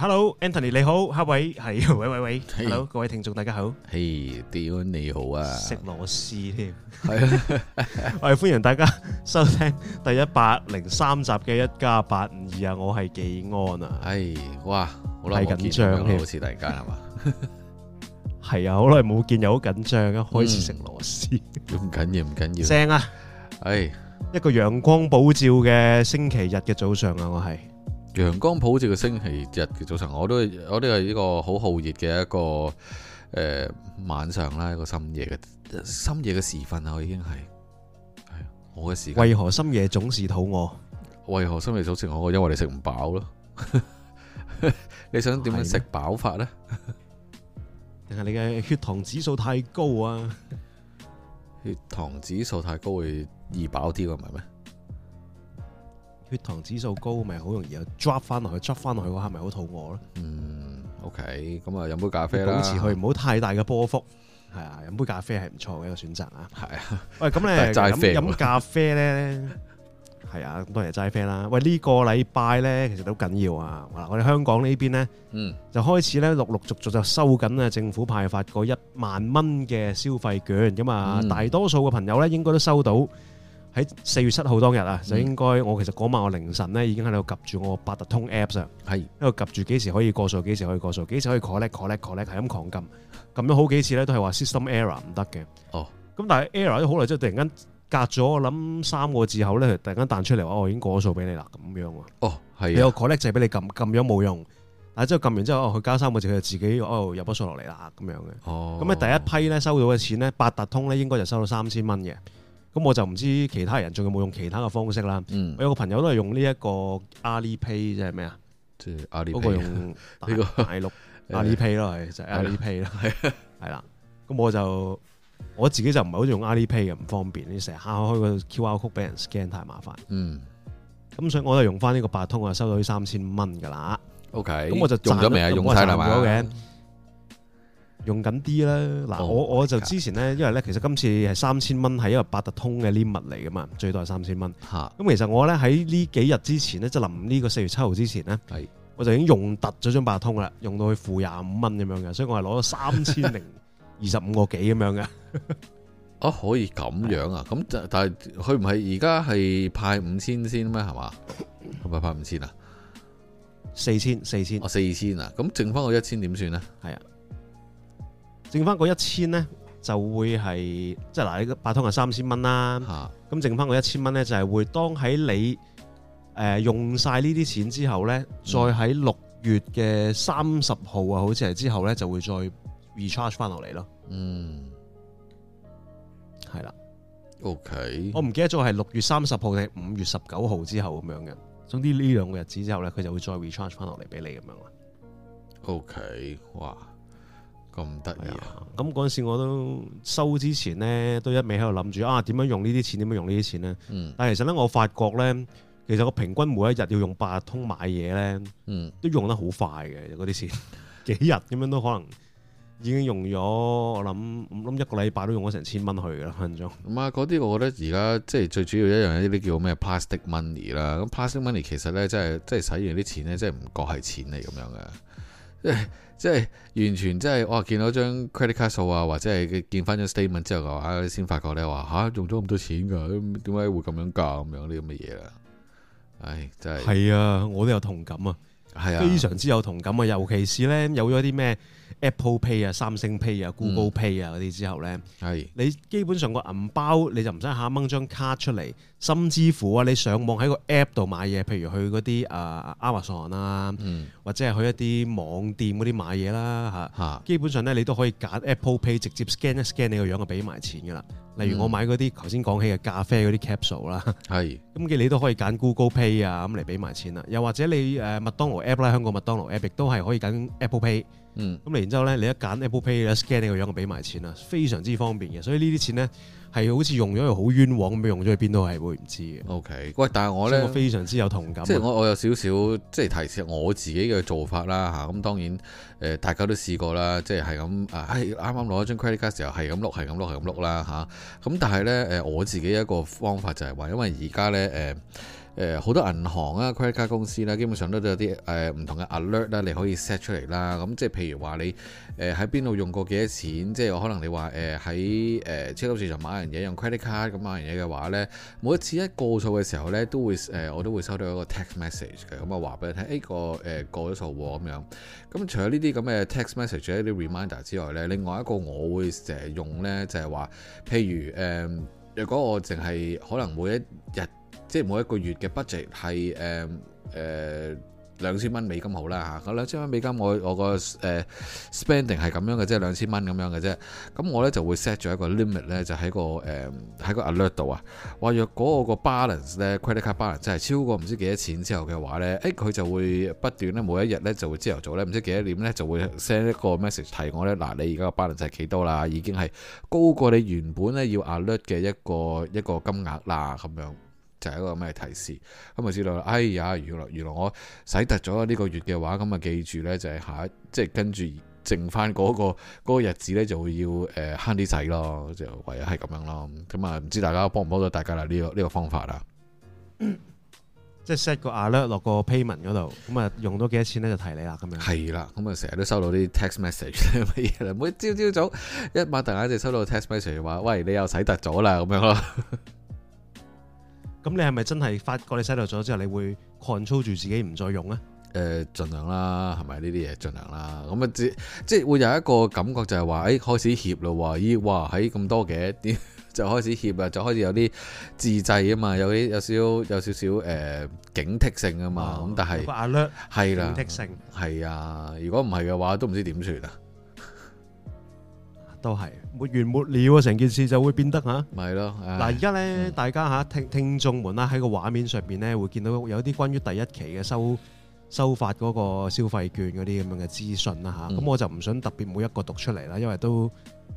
Hello，Anthony 你好，哈位係喂喂喂，Hello 各位聽眾大家好，嘿 Dear 你好啊，食螺絲添，係啊，我哋歡迎大家收聽第一百零三集嘅一加八五二啊，我係紀安啊，哎哇好耐冇見，好緊張啊，好似大家係嘛，係啊，好耐冇見又好緊張啊，開始食螺絲，咁緊要唔緊要正啊，哎一個陽光普照嘅星期日嘅早上啊，我係。陽光普照嘅星期日嘅早晨，我都我都係呢個好酷熱嘅一個誒、呃、晚上啦，一個深夜嘅深夜嘅時分啊，我已經係係我嘅時間。為何深夜總是肚餓？為何心理總是我？因為你食唔飽咯。 你想點樣食飽法呢？定係你嘅血糖指數太高啊？ 血糖指數太高會易飽啲唔係咩？血糖指數高，咪好容易又 drop 翻落去 drop 翻落去，我係咪好肚餓咧？嗯，OK，咁啊，飲杯咖啡保持佢，唔好太大嘅波幅。係啊，飲杯咖啡係唔錯嘅一個選擇啊。係啊，喂，咁咧飲飲咖啡咧，係啊，咁當然係齋啡啦。喂，呢個禮拜咧，其實都緊要啊。嗱，我哋香港邊呢邊咧，嗯，就開始咧陸陸續續就收緊啊，政府派發嗰一萬蚊嘅消費券咁啊，嗯嗯、大多數嘅朋友咧應該都收到。喺四月七號當日啊，嗯、就應該我其實嗰晚我凌晨咧已經喺度及住我八達通 app 上，係是，喺度及住幾時可以過數，幾時可以過數，幾時可以 collect collect collect 係咁狂撳撳咗好幾次咧，都係話 system error 唔得嘅。哦，咁但係 error 好耐之後，突然間隔咗我諗三個字後咧，突然間彈出嚟話、哦，我已經過咗數俾你啦，咁樣喎。哦，係、啊。有你個 collect 就係俾你撳撳咗冇用，但之後撳完之後，佢、哦、加三個字，佢就自己哦入筆數落嚟啦，咁樣嘅。哦。咁咧、哦、第一批咧收到嘅錢咧，八達通咧應該就收到三千蚊嘅。咁我就唔知其他人仲有冇用其他嘅方式啦。嗯、我有個朋友都係用呢一個 AliPay 即係咩啊？即係 AliPay 嗰個用大、， 呢個、大碌 AliPay 咯，係 Al 就係、AliPay 啦，係係啦。咁我就我自己就唔係好用 AliPay 嘅，唔方便，你成日敲開個 QR code 俾人 scan 太麻煩。嗯。咁所以我都係用翻呢個八通，我收到呢三千蚊㗎啦。OK。咁我就用咗未，用曬係嘛？用緊啲啦，嗱我我就之前咧，因為咧其實今次係三千蚊係一個八達通嘅 limit 嚟噶嘛，最多係三千蚊。嚇！咁其實我咧喺呢幾日之前咧，即係臨呢個四月七號之前咧，係是我就已經用突咗張八達通啦，用到去負廿五蚊咁樣嘅，所以我係攞咗三千零二十五個幾咁樣嘅。 啊，可以咁樣啊？咁是 但係佢唔係而家係派五千先咩？係嘛？係咪派五千啊？四千四千，哦四千啊！咁剩翻個一千點算咧？係啊。剩翻嗰一千咧，就會係即係嗱，你八通係三千蚊啦，咁、啊、剩翻嗰一千蚊咧，就係會當喺你誒、呃、用晒呢啲錢之後咧，嗯、再喺六月嘅三十號啊，好似係之後咧，就會再 recharge 翻落嚟咯。嗯，係啦的。OK，我唔記得咗係六月三十號定五月十九號之後咁樣嘅。總之呢兩個日子之後咧，佢就會再 recharge 翻落嚟俾你咁樣啦。OK，哇！咁得意啊！咁嗰陣時我都收之前咧，都一味喺度諗住啊，點樣用呢啲錢？點樣用呢啲錢咧？嗯、但係其實咧，我發覺咧，其實我平均每一日要用八達通買嘢咧，嗯、都用得好快嘅嗰啲錢，幾日咁樣都可能已經用咗，我諗諗一個禮拜都用咗成千蚊去噶啦，分鐘、嗯。咁啊、嗯，嗰啲我覺得而家即係最主要一樣呢啲叫咩？Plastic money 啦，咁 Plastic money 其實咧，即係即係使完啲錢咧，即係唔覺係錢嚟咁樣嘅。即係即係完全即係我見到張 credit card 數啊，或者係見翻張 statement 之後嘅話啊，先發覺咧話吓用咗咁多錢噶，點解會咁樣噶咁樣啲咁嘅嘢啦？唉，真係係啊，我都有同感啊！係、啊、非常之有同感啊！尤其是咧有咗啲咩 Apple Pay, ay,、嗯、Pay 啊、三星 Pay 啊、Google Pay 啊啲之後咧，係你基本上個銀包你就唔使下掹張卡出嚟，甚至乎啊你上網喺個 App 度買嘢，譬如去嗰啲啊 Amazon 啊，啊嗯、或者係去一啲網店嗰啲買嘢啦嚇，啊、基本上咧你都可以揀 Apple Pay 直接 scan 一 scan 你個樣就俾埋錢㗎啦。例如我買嗰啲頭先講起嘅咖啡嗰啲 capsule 啦，係咁嘅你都可以揀 Google Pay 啊咁嚟俾埋錢啦。又或者你誒麥當勞。Apple 啦、啊，香港麥當勞 App 亦都係可以揀 Apple Pay，咁嚟、嗯、然之後咧，你一揀 Apple Pay，一 scan 你個樣就俾埋錢啦，非常之方便嘅。所以呢啲錢咧係好似用咗又好冤枉咁，用咗去邊度係會唔知嘅。OK，喂，但係我咧，我非常之有同感。即係我我有少少即係提示我自己嘅做法啦吓。咁、啊、當然誒、呃，大家都試過啦，即係係咁啊，啱啱攞咗張 credit card 時候，係咁碌，係咁碌，係咁碌啦吓。咁、啊、但係咧誒，我自己一個方法就係、是、話，因為而家咧誒。呃誒好多銀行啊，credit card 公司啦，基本上都都有啲誒唔同嘅 alert 啦，你可以 set 出嚟啦。咁即係譬如話你誒喺邊度用過幾多錢，即係可能你話誒喺誒超級市場買完嘢用 credit card 咁買完嘢嘅話呢，每一次一過數嘅時候呢，都會誒、呃、我都會收到一個 text message 嘅，咁啊，話俾你聽 A 個誒過咗、呃、數喎咁樣。咁除咗呢啲咁嘅 text message 一啲 reminder 之外呢，另外一個我會成日用呢，就係、是、話，譬如誒若、呃、果我淨係可能每一日。即係每一個月嘅 budget 係誒誒、呃、兩、呃、千蚊美金好啦嚇。咁、啊、兩千蚊美金我我個誒、呃、spending 係咁樣嘅，即係兩千蚊咁樣嘅啫。咁我咧就會 set 咗一個 limit 咧，就喺個誒喺、呃、個 alert 度啊。話，若果我個 balance 咧 credit card balance 真係超過唔知幾多錢之後嘅話咧，誒、哎、佢就會不斷咧，每一日咧就會朝頭早咧唔知幾多點咧就會 send 一個 message 提我咧嗱、啊，你而家個 balance 就係幾多啦，已經係高過你原本咧要 alert 嘅一個一個金額啦咁樣。就係一個咩提示？咁啊知道啦！哎呀，原來原來我洗凸咗呢個月嘅話，咁啊記住咧，就係、是、下一，即、就、係、是、跟住剩翻嗰、嗰個嗰個日子咧，就要誒慳啲使咯，就唯有係咁樣咯。咁啊唔知大家幫唔幫到大家啦、呢個？呢個呢個方法啊，嗯、即係 set 個 alert 落個 payment 嗰度，咁啊用咗幾多錢咧就提你啦，咁樣。係啦，咁啊成日都收到啲 text message 咩 嘢每朝朝早一晚突然間就收到 text message 話，喂，你又洗凸咗啦咁樣咯。 咁你係咪真係發覺你洗掉咗之後，你會 control 住自己唔再用咧？誒，盡量啦，係咪呢啲嘢盡量啦？咁啊，即即會有一個感覺就係話，誒、欸、開始怯嘞喎，咦，哇，喺、欸、咁多嘅，點就開始怯啊，就開始有啲自制啊嘛，有啲有少有少少誒警惕性啊嘛，咁但係，個 alert 係啦，警惕性係啊，如果唔係嘅話，都唔知點算啊，都係。沒完沒了啊！成件事就會變得嚇，咪咯。嗱，而家咧，嗯、大家嚇聽聽眾們啦，喺個畫面上邊咧，會見到有啲關於第一期嘅收收發嗰個消費券嗰啲咁樣嘅資訊啦嚇。咁、嗯、我就唔想特別每一個讀出嚟啦，因為都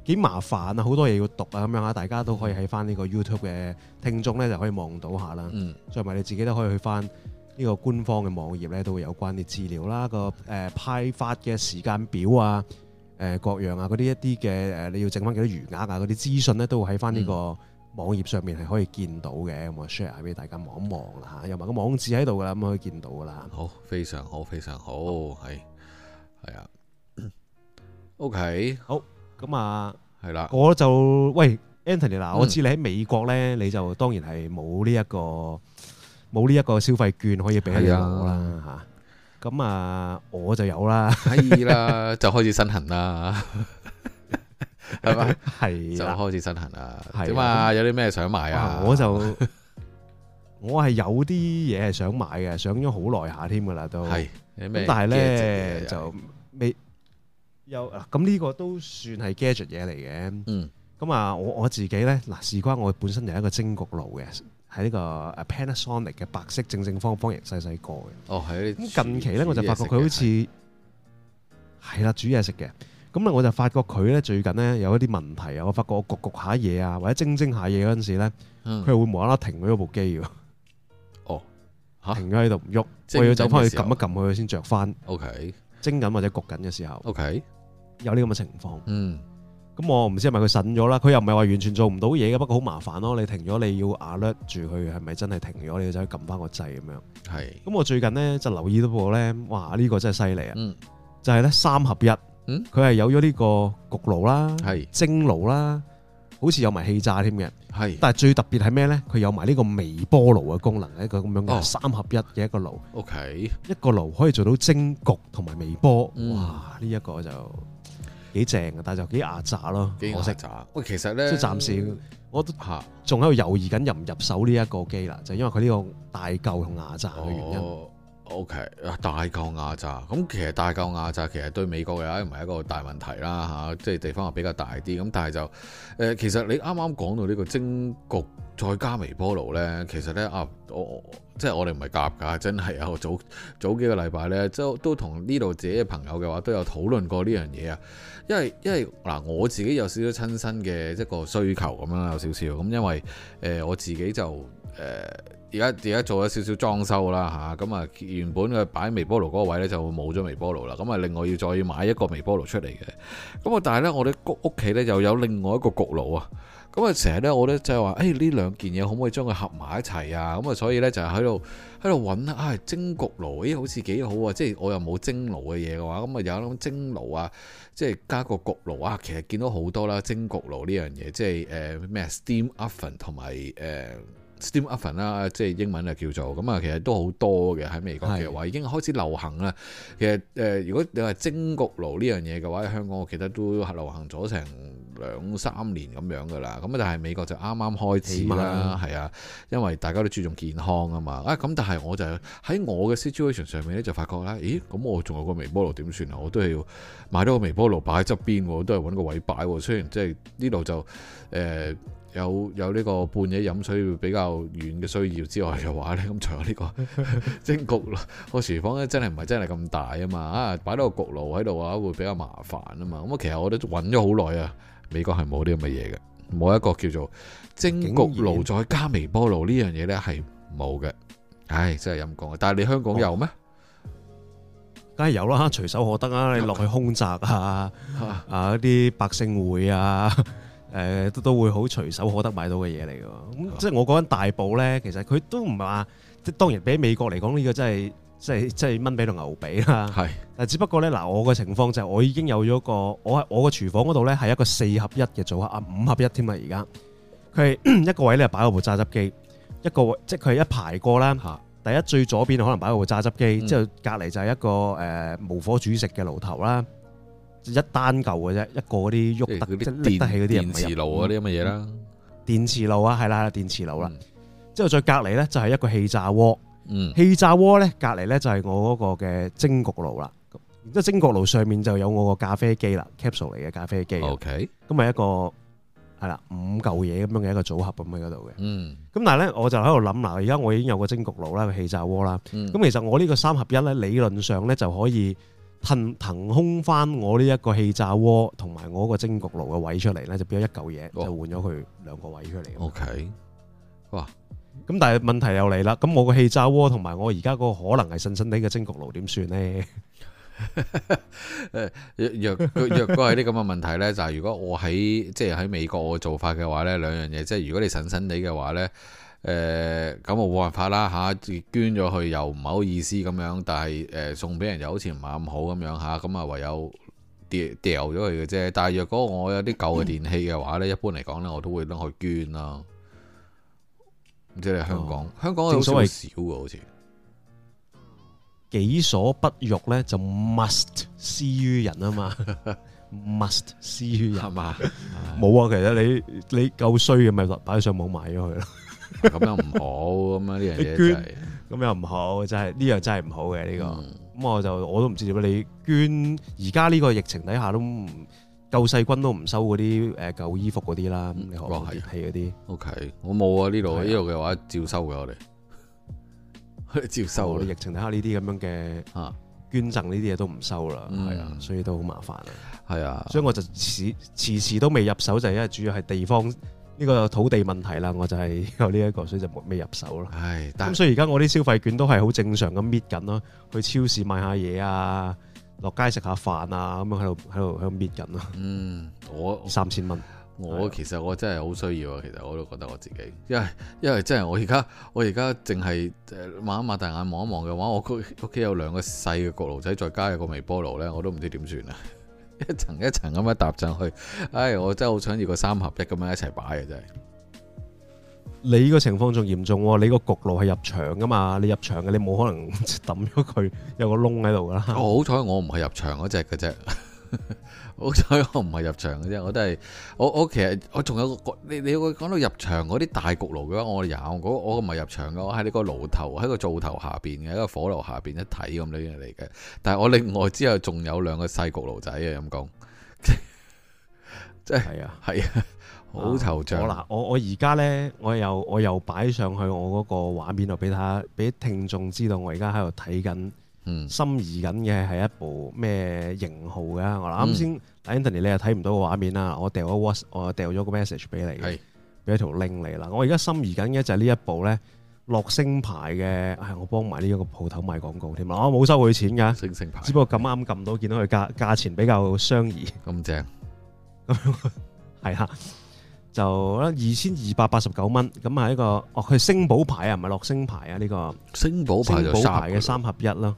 幾麻煩啊，好多嘢要讀啊咁樣嚇。大家都可以喺翻呢個 YouTube 嘅聽眾咧，就可以望到下啦。嗯，再埋你自己都可以去翻呢個官方嘅網頁咧，都會有關啲資料啦，個誒、呃、派發嘅時間表啊。誒各樣啊，嗰啲一啲嘅誒，你要整翻幾多餘額啊，嗰啲資訊咧，都會喺翻呢個網頁上面係可以見到嘅，咁、嗯、我 share 下俾大家望一望啦嚇，又埋個網址喺度噶啦，咁可以見到噶啦。好，非常好，非常好，係好，係啊。OK，好，咁啊，係啦、啊，我就喂，Anthony 嗱，我知你喺美國咧，嗯、你就當然係冇呢一個冇呢一個消費券可以俾啦嚇。咁啊，我就有啦，可以啦， 就開始身痕啦，係 咪吧？係的，就開始身痕啦。點啊的？有啲咩想買啊？我就我係有啲嘢係想買嘅，想咗好耐下添噶啦，都係。都但係呢咧 Gad get 就未有。咁呢個都算係 gadget 嘢嚟嘅。嗯。咁啊，我我自己咧嗱，事關我本身就有一個蒸焗爐嘅。喺呢個 Panasonic 嘅白色正正方方形細細個嘅。哦，係。咁近期咧，我就發覺佢好似係啦煮嘢食嘅。咁咧我就發覺佢咧最近咧有一啲問題啊。我發覺我焗焗下嘢啊，或者蒸蒸下嘢嗰陣時咧，佢係、嗯、會無啦啦停咗部機㗎。哦，嚇！停咗喺度唔喐，即係我要走翻去撳一撳佢先着翻。OK，蒸緊或者焗緊嘅時候，OK，有啲咁嘅情況。嗯。咁我唔知係咪佢審咗啦，佢又唔係話完全做唔到嘢嘅，不過好麻煩咯。你停咗你要 alert 住佢係咪真係停咗，你就撳翻個掣咁樣。係是。咁我最近呢就留意到個呢哇！呢、這個真係犀利啊。嗯、就係呢三合一。佢係、嗯、有咗呢個焗爐啦，係是蒸爐啦，好似有埋氣炸添嘅。係是。但係最特別係咩呢？佢有埋呢個微波爐嘅功能嘅一個咁樣嘅、哦、三合一嘅一個爐。O Okay K。一個爐可以做到蒸焗同埋微波，嗯、哇！呢、這、一個就～幾正嘅，但係就幾亞雜咯。幾可惜雜？喂，其實咧，即係暫時，我都嚇，仲喺度猶豫緊入唔入手呢一個機啦，啊、就因為佢呢個大舊同亞雜嘅原因。哦、o、okay, K，、啊、大舊亞雜，咁其實大舊亞雜其實對美國嘅咧唔係一個大問題啦，嚇、啊，即係地方又比較大啲。咁但係就誒、呃，其實你啱啱講到呢個蒸焗再加微波爐咧，其實咧啊，我。我即係我哋唔係夾噶，真係啊！我早早幾個禮拜呢，都都同呢度自己嘅朋友嘅話都有討論過呢樣嘢啊！因為因為嗱、呃，我自己有少少親身嘅一個需求咁樣有少少咁，因為誒我自己就誒而家而家做咗少少裝修啦嚇，咁啊、嗯、原本嘅擺微波爐嗰個位呢，就冇咗微波爐啦，咁、嗯、啊另外要再買一個微波爐出嚟嘅，咁、嗯、啊但係呢，我哋屋企呢，又有另外一個焗爐啊。咁、嗯就是哎、啊，成日咧，我都就係話，誒呢兩件嘢可唔可以將佢合埋一齊啊？咁啊，所以咧就係喺度喺度揾啊蒸焗爐，咦、哎、好似幾好啊！即係我又冇蒸爐嘅嘢嘅話，咁、嗯、啊有一種蒸爐啊，即係加個焗爐啊。其實見到好多啦，蒸焗爐呢樣嘢，即係誒咩 Steam Oven 同埋誒 Steam Oven 啦，即係英文啊叫做咁啊、嗯，其實都好多嘅，喺美國嘅話是的 已經開始流行啦。其實誒、呃，如果你話蒸焗爐呢樣嘢嘅話，喺香港我記得都流行咗成兩三年咁樣噶啦，咁啊但係美國就啱啱開始啦，係啊嗎，因為大家都注重健康啊嘛，啊咁但係我就喺我嘅 situation 上面呢，就發覺啦，咦咁我仲有個微波爐點算啊？我都係要買到個微波爐擺喺側邊，都係揾個位擺，雖然即係呢度就誒、呃、有有呢個半夜飲水比較遠嘅需要之外嘅話呢，咁仲有呢、呢個 蒸焗爐個廚房咧真係唔係真係咁大啊嘛，啊擺多個焗爐喺度啊會比較麻煩啊嘛，咁啊其實我都揾咗好耐啊。美國係冇啲咁嘅嘢嘅，冇一個叫做蒸焗爐再加微波爐呢樣嘢咧係冇嘅。唉，真係陰公啊！但係你香港有咩？梗係有啦，隨手可得啦啊！你落去空宅啊啊！一啲、啊、百姓會啊，誒、呃、都都會好隨手可得買到嘅嘢嚟㗎。咁 即係我講緊大埔咧，其實佢都唔係話即係當然俾美國嚟講呢個真係。即係即係蚊髀同牛髀啦，係是。但只不過咧，嗱我嘅情況就係我已經有咗個，我喺我個廚房嗰度咧係一個四合一嘅組合啊，五合一添啊！而家佢一個位咧就擺我部榨汁機，一個位即係佢一排過啦。第一最左邊可能擺我部榨汁機，之、嗯、後隔離就係一個誒、呃、無火煮食嘅爐頭啦，嗯、一單嚿嘅啫，一個嗰啲喐得即係拎得起嗰啲電磁爐嗰啲咁嘅嘢啦。電磁爐啊，係啦，電磁爐啦。之、嗯、後再隔離咧就係一個氣炸鍋。氣、嗯、炸鍋咧，隔籬咧就係我嗰個嘅蒸焗爐啦。然之後蒸焗爐上面就有我個咖啡機啦，capsule 嚟嘅咖啡機。咁咪 Okay. 一個係啦，五嚿嘢咁樣嘅一個組合咁喺嗰度嘅。咁、嗯、但係咧，我就喺度諗，嗱，而家我已經有個蒸焗爐啦，個氣炸鍋啦。咁、嗯、其實我呢個三合一咧，理論上咧就可以騰騰空翻我呢一個氣炸鍋同埋我個蒸焗爐嘅位出嚟咧，就變咗一嚿嘢，哦、就換咗佢兩個位出嚟。Okay. 哇！咁但係問題又嚟啦，咁我個氣炸鍋同埋我而家嗰個可能係神神啲嘅蒸焗爐點算呢？ 若若若果係啲咁嘅問題呢，就係、是、如果我喺即係喺美國我嘅做法嘅話呢，兩樣嘢即係如果你神神啲嘅話呢，誒咁冇辦法啦吓、啊，捐咗去又唔好意思咁樣，但係誒、呃、送俾人又好似唔係咁好咁樣吓，咁啊唯有掉掉咗佢嘅啫。但係若果我有啲舊嘅電器嘅話呢，嗯、一般嚟講呢，我都會拎去捐啦、啊。唔知喺香港，哦、香港正所謂少好似己所不欲咧，就 must 施於人啊嘛 ，must 施於人係嘛，冇吧唉啊，其實你你夠衰嘅咪擺上網賣咗佢囉，咁又唔好咁啊呢 樣嘢就係，咁又唔好，真係呢樣真係唔好嘅呢、這個，咁、嗯、我就我都唔知點解，你捐而家呢個疫情底下都舊世軍都唔收嗰啲誒舊衣服嗰啲啦，嗯、你可唔可以嗰啲？O K，我冇啊呢度，呢度嘅話照收嘅我哋，去 照收的。疫情底下呢啲咁樣嘅啊捐贈呢啲嘢都唔收啦，係啊、嗯，所以都好麻煩、嗯、啊。係啊，所以我就遲遲遲都未入手，就係因為主要係地方呢、這個土地問題啦。我就係有呢、這、一個，所以就未入手咯。係，咁所以而家我啲消費券都係好正常咁搣緊咯，去超市買下嘢啊。落街食下飯啊，咁樣喺度喺度喺度搣人咯。 嗯，我 三千蚊元。我， 我其實我真係好需要啊，其實我都覺得我自己，因為因為真係我而家我而家淨係誒擘一擘大眼望一望嘅話，我屋企有兩個細嘅焗爐仔再加有個微波爐咧，我都唔知點算啊。 一層一層咁樣搭上去，唉、哎，我真係好想要個三合一咁樣一齊擺啊，真係。你依個情況仲嚴重喎！你個焗爐係入牆噶嘛？你入牆嘅，你冇可能抌咗佢，有個窿喺度噶啦。哦，好彩我唔係入牆嗰隻嘅啫， 好彩我唔係入牆嘅啫。我都係我我其實我仲有個你你會講到入牆嗰啲大焗爐嘅話，我有我唔係入牆嘅，我喺你個爐頭喺個灶頭下邊嘅一個火爐下邊一睇咁樣嚟嘅。但係我另外之後仲有兩個細焗爐仔嘅咁講，即係啊係啊。 好頭像，我嗱，我我而家咧，我又我又擺上去我嗰個畫面度俾大家，俾聽眾知道我而家喺度睇緊，嗯、心儀緊嘅係一部咩型號嘅？我嗱，啱先、嗯、Anthony、你又睇唔到個畫面啦，我掉咗 WhatsApp 我掉咗個 message 俾你，俾一條 link 你啦。我而家心儀緊嘅就係呢一部咧，樂聲牌嘅、哎，我幫埋呢一個鋪頭賣廣告添啊，我冇收佢錢嘅，星星牌，只不過咁啱撳到見到佢價價錢比較相宜，咁正，咁樣，就啦，二千二百八十九蚊，咁係一個，哦，佢係星寶牌啊，唔係樂聲牌啊，呢、這個聲寶牌嘅三合一咯，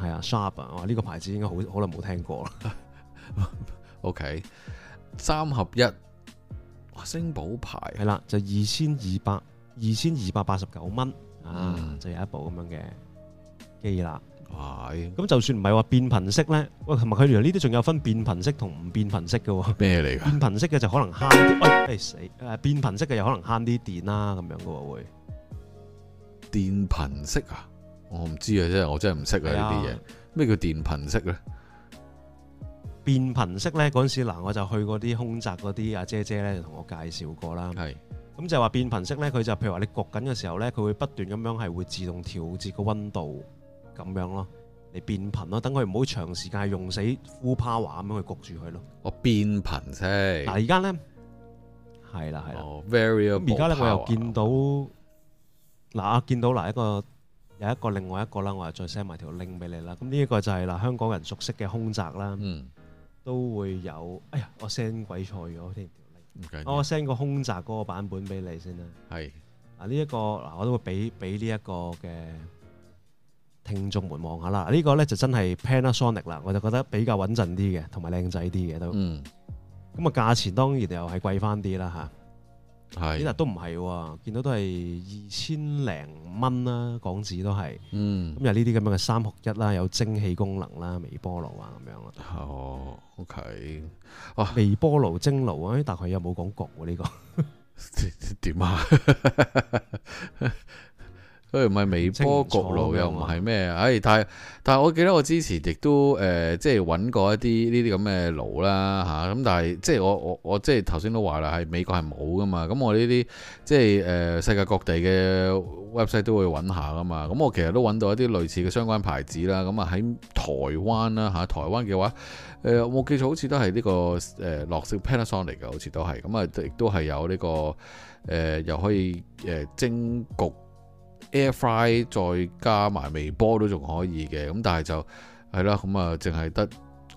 係啊，Sharp 啊，呢、哦這個牌子應該好好耐冇聽過啦 ，OK，三合一，哦、聲寶牌係啦，就二千二百二千二百八十九蚊，啊，嗯、就有一部咁樣嘅機啦。咁哇就算唔係話變頻式咧，喂，同埋佢原來呢啲仲有分變頻式同唔變頻式嘅，咩嚟噶？變頻式嘅就可能慳啲，喂、哎，誒、哎、死，誒、呃、變頻式嘅又可能慳啲電啦、啊，咁樣噶會。電頻式啊？我唔知啊，真係我真係唔識啊呢啲嘢。咩、哎、呀叫電頻式咧？變頻式咧嗰陣時嗱、呃，我就去嗰啲空澤嗰啲阿姐姐咧，就同我介紹過啦。係是，咁就話變頻式咧，佢就譬如話你焗緊嘅時候咧，佢會不斷咁樣係會自動調節個溫度。咁樣咯，你變頻咯，等佢唔好長時間用死 full power 咁樣去焗住佢咯。我變頻啫。嗱，而家咧係啦係啦。variable。咁而家咧我又見到嗱，我見到嗱一個有一個另外一個啦，我又再 send 埋條 link 俾你啦。咁呢一個就係嗱香港人熟悉嘅空澤啦。嗯。都會有，哎呀，我 send 鬼錯咗添條 link。我 send 個空澤嗰個版本俾你先啦。係。嗱呢一個嗱，我都會俾俾呢一個嘅。聽眾們望下啦，這個、呢個咧就真係 Panasonic 啦，我就覺得比較穩陣啲嘅，同埋靚仔啲嘅都。嗯。咁啊，價錢當然又係貴翻啲啦，吓、啊，係是。呢個都唔係喎，見到都係二千零蚊啦，港紙都係。嗯。咁又呢啲咁樣嘅三合一啦，有蒸氣功能啦，微波爐啊咁樣咯。哦。O、okay、K。哇、啊！微波爐蒸爐、哎、大概有冇啊，但係又冇講焗喎呢個。點 樣啊？ 佢唔係微波焗爐，又唔係咩？唉、哎，但係但係，我記得我之前亦都誒、呃，即係揾過一啲呢啲咁嘅爐啦嚇。咁、啊、但係即係我我我即係頭先都話啦，喺美國係冇噶嘛。咁、啊、我呢啲即係誒、呃、世界各地嘅 website 都會揾下噶嘛。咁、啊、我其實都揾到一啲類似嘅相關牌子啦。咁啊喺台灣啦嚇、啊，台灣嘅話誒、呃，我記錯好似都係呢、這個誒樂聲 Panasonic 嚟㗎，呃、asonic，好似都係咁啊，亦都係有呢、這個誒、呃，又可以誒、呃、蒸焗。Air Fry、er, 再加埋微波都仲可以嘅，咁但係就係啦，咁啊淨係得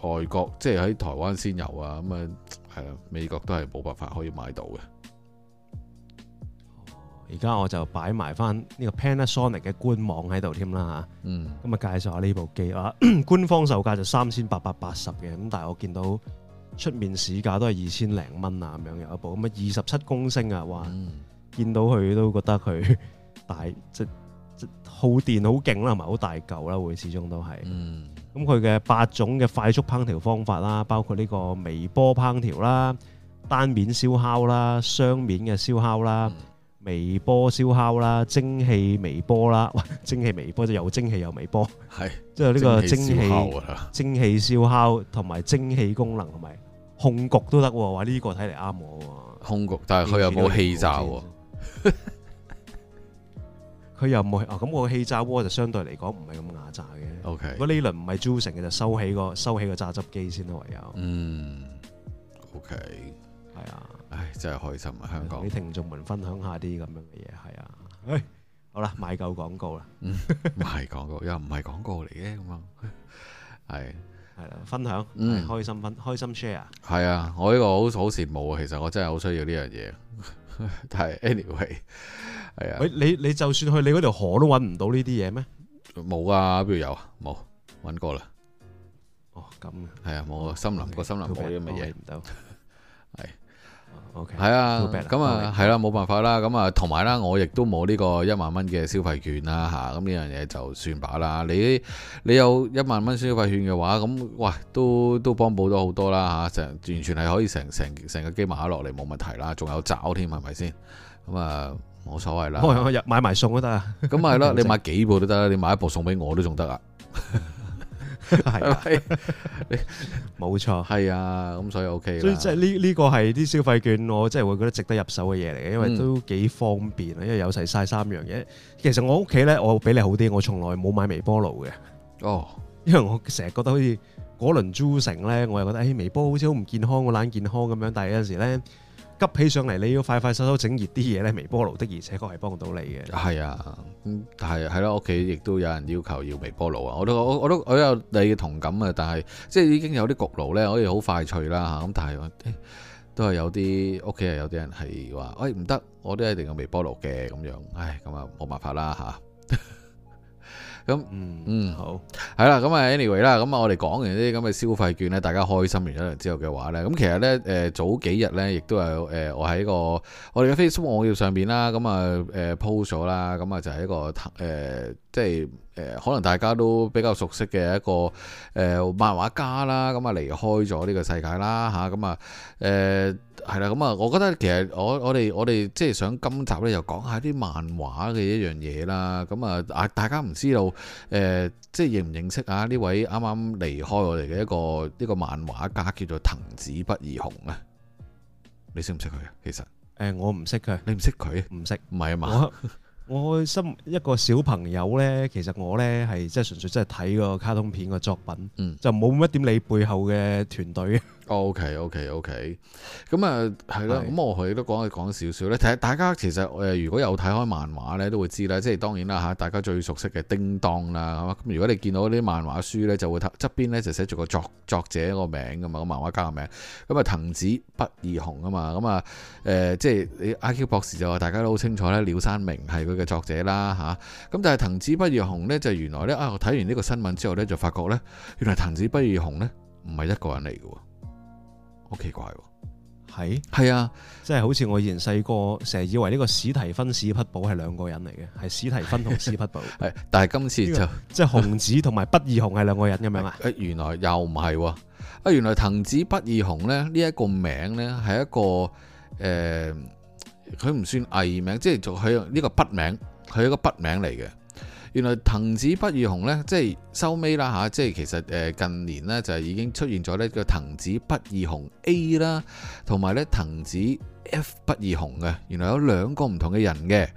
外國，即係喺台灣先有啊，咁啊係啦，美國都係冇辦法可以買到嘅。而家我就擺埋翻呢個 Panasonic 嘅官網喺度添啦吓，嗯，咁啊介紹下呢部機啊， 官方售價就三千八百八十嘅，咁但係我見到出面市價都係二千零蚊啊，咁樣有一部，咁啊二十七公升啊，哇，嗯、見到佢都覺得佢。 即即耗電好勁啦，同埋好大舊啦，會始終都係。咁佢嘅八種嘅快速烹調方法啦，包括呢個微波烹調啦、單面燒烤啦、雙面嘅燒烤啦、微波燒烤啦、蒸汽微波啦，哇，蒸汽微波就又蒸汽又微波，係即係呢個蒸汽蒸汽燒烤同埋蒸汽功能同埋烘焗都得，哇，呢個睇嚟啱我。烘焗，但係佢又冇氣炸。佢又冇哦，咁、嗰個氣炸鍋就相對嚟講唔係咁壓榨嘅。OK，如果呢輪唔係朱成嘅，就收起個收起個榨汁機先啦。唯有。嗯，OK，係啊，唉，真係開心啊！香港、啊、你聽眾們分享下啲咁樣嘅嘢，係啊，唉，好啦，賣夠廣告啦，賣、嗯、廣告 又唔係廣告嚟嘅咁啊，係係啦，分享，嗯，開心分，開心 share，係啊，我呢個好好羨慕啊，其實我真係好需要呢樣嘢。但 係 anyway，係啊，喂，你你就算去你嗰條河都揾唔到呢啲嘢咩？冇啊，邊度有啊？冇、啊，揾過啦。哦，咁啊，係啊，冇啊有，森林個森林區啲乜嘢唔到。Okay，係啊，咁、嗯、啊，係啦，冇辦法啦，咁啊，同埋啦，我亦都冇呢個一萬蚊嘅消費券啦，吓，咁呢樣嘢就算罷啦。你你有一萬蚊消費券嘅話，咁、嗯、喂，都都幫補咗好多啦，吓、啊，成完全係可以成成成個機買咗落嚟冇問題啦，仲有找添，係咪先？咁啊，冇所謂啦，買埋送都得啊。咁咪咯，你買幾部都得，你買一部送俾我都仲得啊，啊。係，冇錯，係啊，咁所以 OK。所以即係呢呢個係啲消費券，我真係會覺得值得入手嘅嘢，嚟嘅，因為都幾方便啊。因為有晒晒三樣嘢。其實我屋企咧，我比你好啲，我從來冇買微波爐嘅。哦，因為我成日覺得好似嗰輪租成咧，我又覺得誒微波好似好唔健康，我懶健康咁樣。但係有陣時咧。急起上嚟，你要快快手手整熱啲嘢咧，微波爐的而且確係幫到你嘅。係啊，但係係咯，屋企亦都有人要求要微波爐啊。我都我我都我有你嘅同感啊。但係即係已經有啲焗爐咧，可以好快脆啦嚇。咁但係都係有啲屋企係有啲人係話，哎唔得、哎，我都一定有微波爐嘅咁樣。唉、哎，咁啊冇辦法啦嚇。啊 咁那嗯嗯好係啦，咁啊 anyway 啦，咁啊我哋講完啲咁嘅消費券咧，大家開心完咗嚟之後嘅話咧，咁其實咧誒、呃、早幾日咧，亦都係誒、呃、我喺個我哋嘅 Facebook 網頁上邊啦，咁啊誒 po s t 咗啦，咁啊就係一個誒、呃呃就是呃、即係。誒，可能大家都比較熟悉嘅一個誒、呃、漫畫家啦，咁啊離開咗呢個世界啦吓，咁啊誒係啦，咁、呃、啊我覺得其實我我哋我哋即係想今集咧又講下啲漫畫嘅一樣嘢啦，咁啊啊大家唔知道誒、呃，即係認唔認識啊呢位啱啱離開我哋嘅一個呢個漫畫家叫做藤子不二雄啊，你識唔識佢啊？其實誒、呃，我唔識佢，你唔識佢唔識，唔係啊嘛。我心一個小朋友呢，其實我呢係即係純粹即係睇個卡通片個作品，嗯、就冇乜點理背後嘅團隊。O K O K O K，咁啊，係咯、okay, okay, okay.。咁的我佢都講一講少少咧。睇大家其實誒，如果有睇開漫畫咧，都會知啦。即係當然啦吓，大家最熟悉嘅叮噹啦，咁如果你見到啲漫畫書咧，就會側邊咧就寫住個作作者個名噶嘛，個漫畫家個名咁啊。藤子不二雄啊嘛，咁啊誒，即係你 I Q 博士就話，大家都好清楚咧，鳥山明係佢嘅作者啦吓。咁、啊、但係藤子不二雄咧，就原來咧啊，我睇完呢個新聞之後咧，就發覺咧，原來藤子不二雄咧唔係一個人嚟嘅。好奇怪喎、哦，係係是啊，即係好似我以前細個成日以為呢個史提芬史匹堡係兩個人嚟嘅，係史提芬同史匹堡，係 但係今次就、這個、即係紅子同埋不二雄係兩個人咁樣啊， 原來又唔係喎，啊原來藤子不二雄咧呢，、這個、呢一個名咧係一個誒，佢、呃、唔算藝名，即係做佢呢個筆名，佢係一個筆名嚟嘅。原來藤子不二雄呢，即係收尾啦吓，即係其實誒近年呢，就已經出現咗呢個藤子不二雄 A 啦，同埋呢藤子 F 不二雄嘅，原來有兩個唔同嘅人嘅，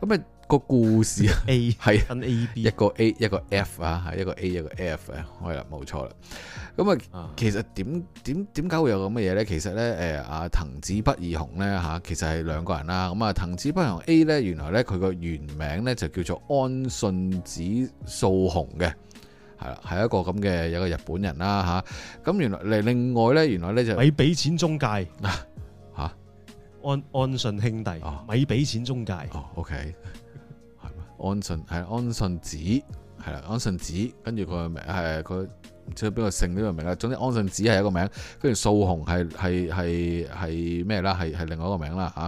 咁啊～個故事 A 係分 A、B，一個 A 一個 F 啊，係一個 A 一個 F 啊，係啦，冇錯啦。咁啊，其實點點點解會有咁嘅嘢咧？其實咧，誒，啊，藤子不二雄咧吓，其實係兩個人啦。咁啊，藤子不二雄 A 咧，原來咧佢個原名咧就叫做安信子素雄嘅，係啦，係一個咁嘅有個日本人啦吓。咁原來另另外咧，原來咧就咪俾錢中介吓，安安信兄弟咪俾錢中介。哦，OK。安信係安信子係啦，安信子跟住佢名係佢唔知邊個姓呢個名啦。總之安信子係一個名，跟住素雄係係係係咩啦？係係另外一個名啦吓。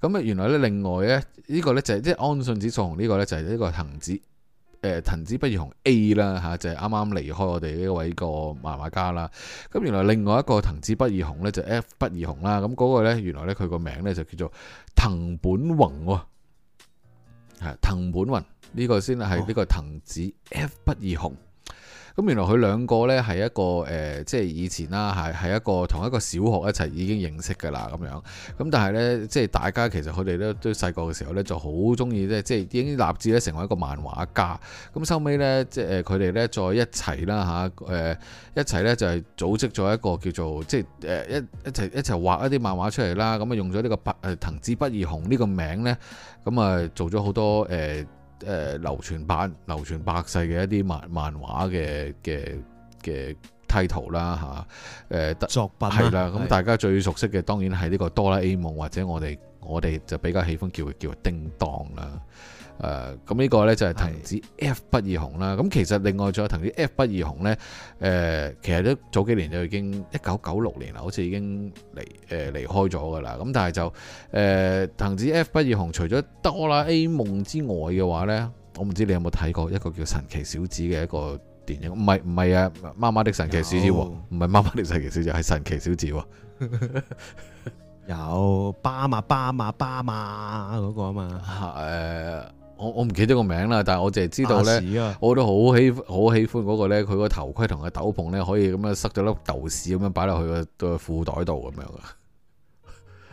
咁啊、嗯，原來咧另外咧呢、這個咧就係、是、即係安信子素雄呢個咧就係、是、呢個藤子誒、呃、藤子不二雄 A 啦、啊、吓，就係啱啱離開我哋呢位這個漫畫家啦。咁、啊嗯、原來另外一個藤子不二雄咧就是、F 不二雄啦。咁、啊、嗰、嗯那個咧原來咧佢個名咧就叫做藤本弘。藤本云呢、這個先係呢、oh。個藤子 F 不二雄。咁原來佢兩個呢，係一個誒、呃，即係以前啦嚇，係一個同一個小學一齊已經認識嘅啦咁樣。咁但係呢，即係大家其實佢哋咧都細個嘅時候呢，就好鍾意咧，即係已經立志咧成為一個漫畫家。咁收尾呢，即係佢哋呢，再一齊啦嚇，誒、啊呃、一齊呢，就係、是、組織咗一個叫做即係誒、呃、一一齊一齊畫一啲漫畫出嚟啦。咁啊用咗呢、這個筆、呃、藤子不二雄呢個名呢，咁、嗯、啊做咗好多誒。呃誒、呃、流傳百流傳百世嘅一啲漫漫畫嘅嘅嘅批圖啦嚇，誒、呃、作品啦、啊，咁的的大家最熟悉嘅當然係呢、這個多啦 A 夢或者我哋我哋就比較喜歡叫佢叫叮當啦。誒咁呢個呢，就係藤子 F 不二雄啦。咁是其實另外仲有藤子 F 不二雄呢，誒、呃、其實都早幾年就已經一九九六年啦，好似已經離誒離開咗噶啦。咁但係就誒、呃、藤子 F 不二雄除咗哆啦 A 夢之外嘅話呢，我唔知你有冇睇過一個叫神奇小子嘅一個電影，唔係唔係啊，媽媽的神奇小子喎，唔係媽媽的神奇小子，係神奇小子喎。有巴馬巴馬巴馬嗰個啊嘛，係、啊。呃我我唔記得個名啦，但係我淨係知道咧，啊啊我都好喜好喜歡嗰個咧，佢個頭盔同個斗篷咧，可以咁樣塞咗粒豆豉咁樣擺落去個個褲袋度咁樣噶。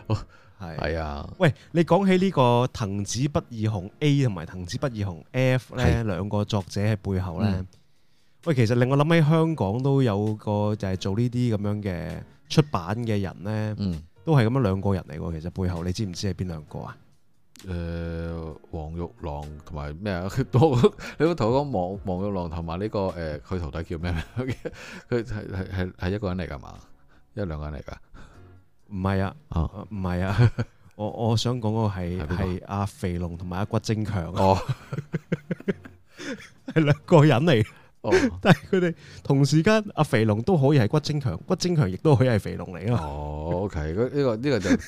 哦 是，係係啊。喂，你講起呢個藤子不二雄 A 同埋藤子不二雄 F 咧，兩是個作者喺背後咧，喂、嗯，其實令我諗起香港都有個就係做呢啲咁樣嘅出版嘅人咧，嗯、都係咁樣兩個人嚟噶。其實背後你知唔知係邊兩個啊？誒、呃，黃玉郎同埋咩啊？ 你唔同我講黃黃玉郎同埋呢個誒，佢、呃、徒弟叫咩佢，係係係係一個人嚟噶嘛？一兩個人嚟噶？唔係啊，唔係、哦、是啊， 我我想講個係係阿肥龍同埋阿骨精強哦，係兩 個人嚟。哦、但係佢哋同時間阿肥龍都可以係骨精強，骨精強亦都可以係肥龍嚟啊。哦，OK，呢、這個呢、這個就。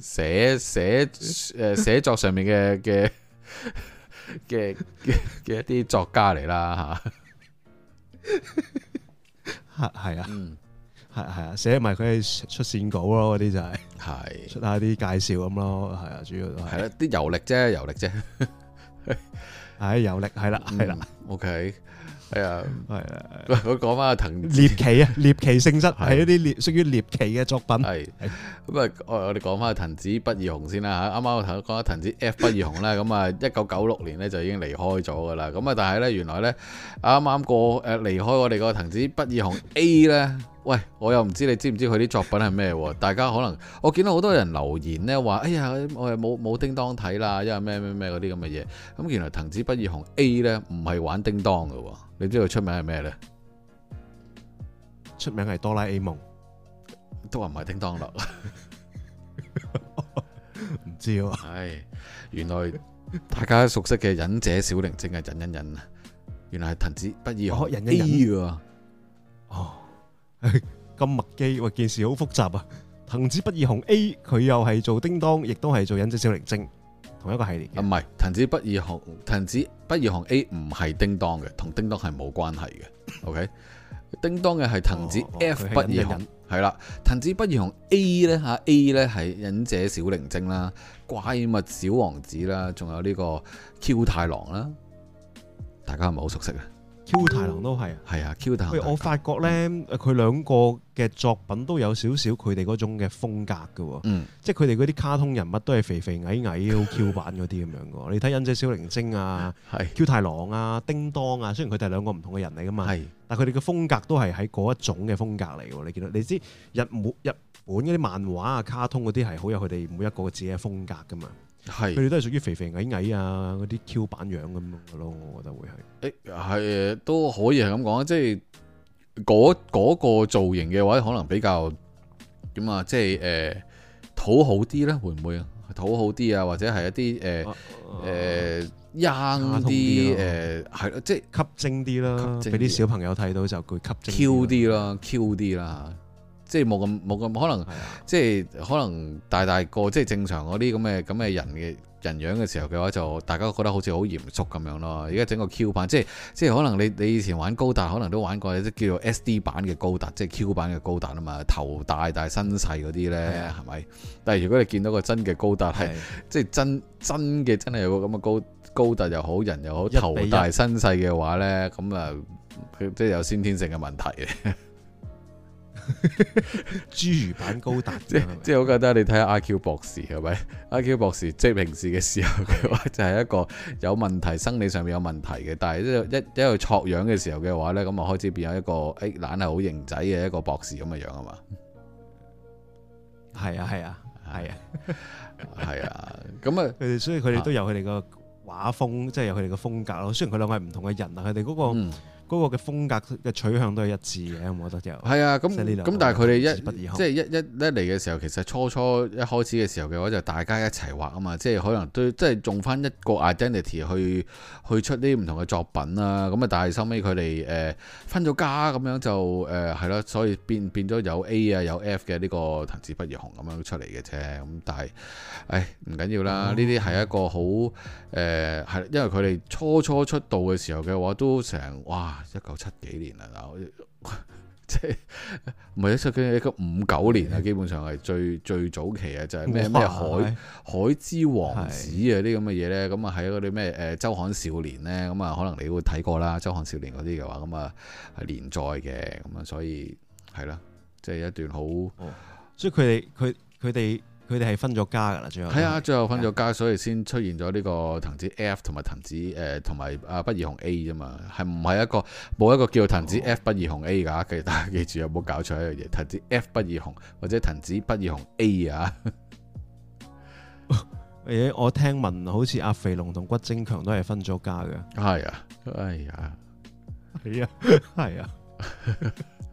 寫寫誒，寫作上面嘅嘅嘅嘅嘅一啲作家嚟啦吓，吓係啊，係係啊，寫埋佢哋出線稿咯，嗰啲就係，係出下啲介紹咁咯，係啊，主要都係啦，啲遊歷啫，遊歷啫，係遊歷，係啦，係啦，OK。係啊，係啊，喂，我講翻阿藤，獵奇啊，獵奇性質係一啲獵，屬於獵奇嘅作品。係，咁啊，我我哋講翻阿藤子不二雄先啦吓，啱啱我同你講阿藤子 F 不二雄咧，咁啊，一九九六年咧就已經離開咗噶啦，咁啊，但係咧原來咧，啱啱過誒離開我哋個藤子不二雄 A 咧。喂，我又唔知你知唔知佢啲作品係咩？大家可能我見到好多人留言呢，話哎呀，我又冇冇叮噹睇啦，因為咩咩咩嗰啲咁嘅嘢。咁原來藤子不二雄 A 呢，唔係玩叮噹噶，你知道佢出名係咩呢？出名係哆啦 A 夢，都話唔係叮噹咯，唔知啊。係原來大家熟悉嘅忍者小靈精係忍忍忍原來係藤子不二雄 A 咁默契，件事好複雜啊！藤子不二雄 A 佢又係做叮當，亦都係做忍者小靈精，同一個系列。唔係、啊、藤子不二雄，藤子不二雄 A 唔係叮當嘅，同叮當係冇關係嘅。O、okay? K， 叮當嘅係藤子、哦、F 不二雄，係啦，藤子不二雄 A 呢？吓 A 呢？係忍者小靈精啦，怪物小王子啦，仲有呢個 Q 太郎啦，大家係咪好熟悉啊？Q 太郎都係啊，係啊，Q 太郎，太郎。我發覺咧，佢、嗯、兩個嘅作品都有少少佢哋嗰種嘅風格嘅喎、啊，嗯，即係佢哋嗰啲卡通人物都係肥肥矮矮好 Q 版嗰啲咁樣嘅喎。你睇忍者小靈精啊，係是 Q 太郎啊，叮當啊，雖然佢哋係兩個唔同嘅人嚟嘅嘛，係是，但係佢哋嘅風格都係喺嗰一種嘅風格嚟嘅喎。你見到你知日、日本嗰啲漫畫啊、卡通嗰啲係好有佢哋每一個自己嘅風格嘅嘛。係佢哋都係屬於肥肥矮矮啊，嗰啲 Q 版樣咁樣嘅咯，我我覺得會係誒係都可以係咁講，即係嗰嗰個造型嘅話，可能比較點啊？即係誒討好啲咧，會唔會討好啲啊？或者係一啲誒誒 young 啲誒係咯，即係吸睛啲啦，俾啲小朋友睇到就佢吸 Q 啲啦，Q 啲啦。即係冇咁冇咁可能，即係可能大大個即係正常嗰啲咁嘅咁嘅人嘅人樣嘅時候嘅話，就大家覺得好似好嚴肅咁樣咯。而家整個 Q 版，即係即係可能你你以前玩高達，可能都玩過即叫做 SD 版嘅高達，即係 Q 版嘅高達啊嘛，頭大大身細嗰啲咧係咪？但係如果你見到個真嘅高達係即係真真嘅真係有個咁嘅高高達又好，人又好，1:1。頭大身細嘅話咧，咁啊，即係有先天性嘅問題。侏儒版高達，即係好覺得，你睇下 IQ 博士係咪 IQ 博士，即係平時嘅時候嘅話， 就係一個有問題，生理上面有問題嘅。但係一一一路塑樣嘅時候嘅話呢，咁啊開始變有一個誒，懶係好型仔嘅一個博士咁嘅樣啊嘛。係啊，係啊，係啊，係啊。咁啊，所以佢哋都有佢哋個畫風，即係 有佢哋個風格咯。雖然佢兩個係唔同嘅人啊，佢哋嗰個。嗯嗰個嘅風格嘅取向都係一致嘅，我覺得就係啊。咁咁但係佢哋一即係一一一嚟嘅時候，其實初初一開始嘅時候嘅話就大家一齊畫啊嘛，即係可能都即係用翻一個 identity 去去出啲唔同嘅作品啊。咁啊，但係收尾佢哋誒分咗家咁樣就誒係咯，所以變變咗有 A 啊有 F 嘅呢個藤子不二雄咁樣出嚟嘅啫。咁但唉係誒唔緊要啦，呢啲係一個好誒係，因為佢哋初初出道嘅時候嘅話都成哇～一九七幾年啦，即係唔係一九七幾？一九五九年啊，基本上係最 最早期啊，就係咩咩海海之王子啊啲咁嘅嘢咧。咁啊喺嗰啲咩誒周刊少年咧，咁啊可能你會睇過啦。周刊少年嗰啲嘅話，咁啊係連載嘅，咁啊所以係啦，即係一段好。所以佢哋佢佢哋。佢哋係分咗家噶啦，最後係啊，最後分咗家，的所以先出現咗呢個藤子 F 同埋藤子誒，同埋阿不二雄 A 啫嘛，係唔係一個冇一個叫藤子 F 不二雄 A 噶？記住大家記住，唔好搞錯一樣嘢。藤子 F 不二雄或者藤子不二雄 A 啊？而我聽聞好似阿肥龍同骨精強都係分咗家噶，係啊，哎呀，係 啊，係啊。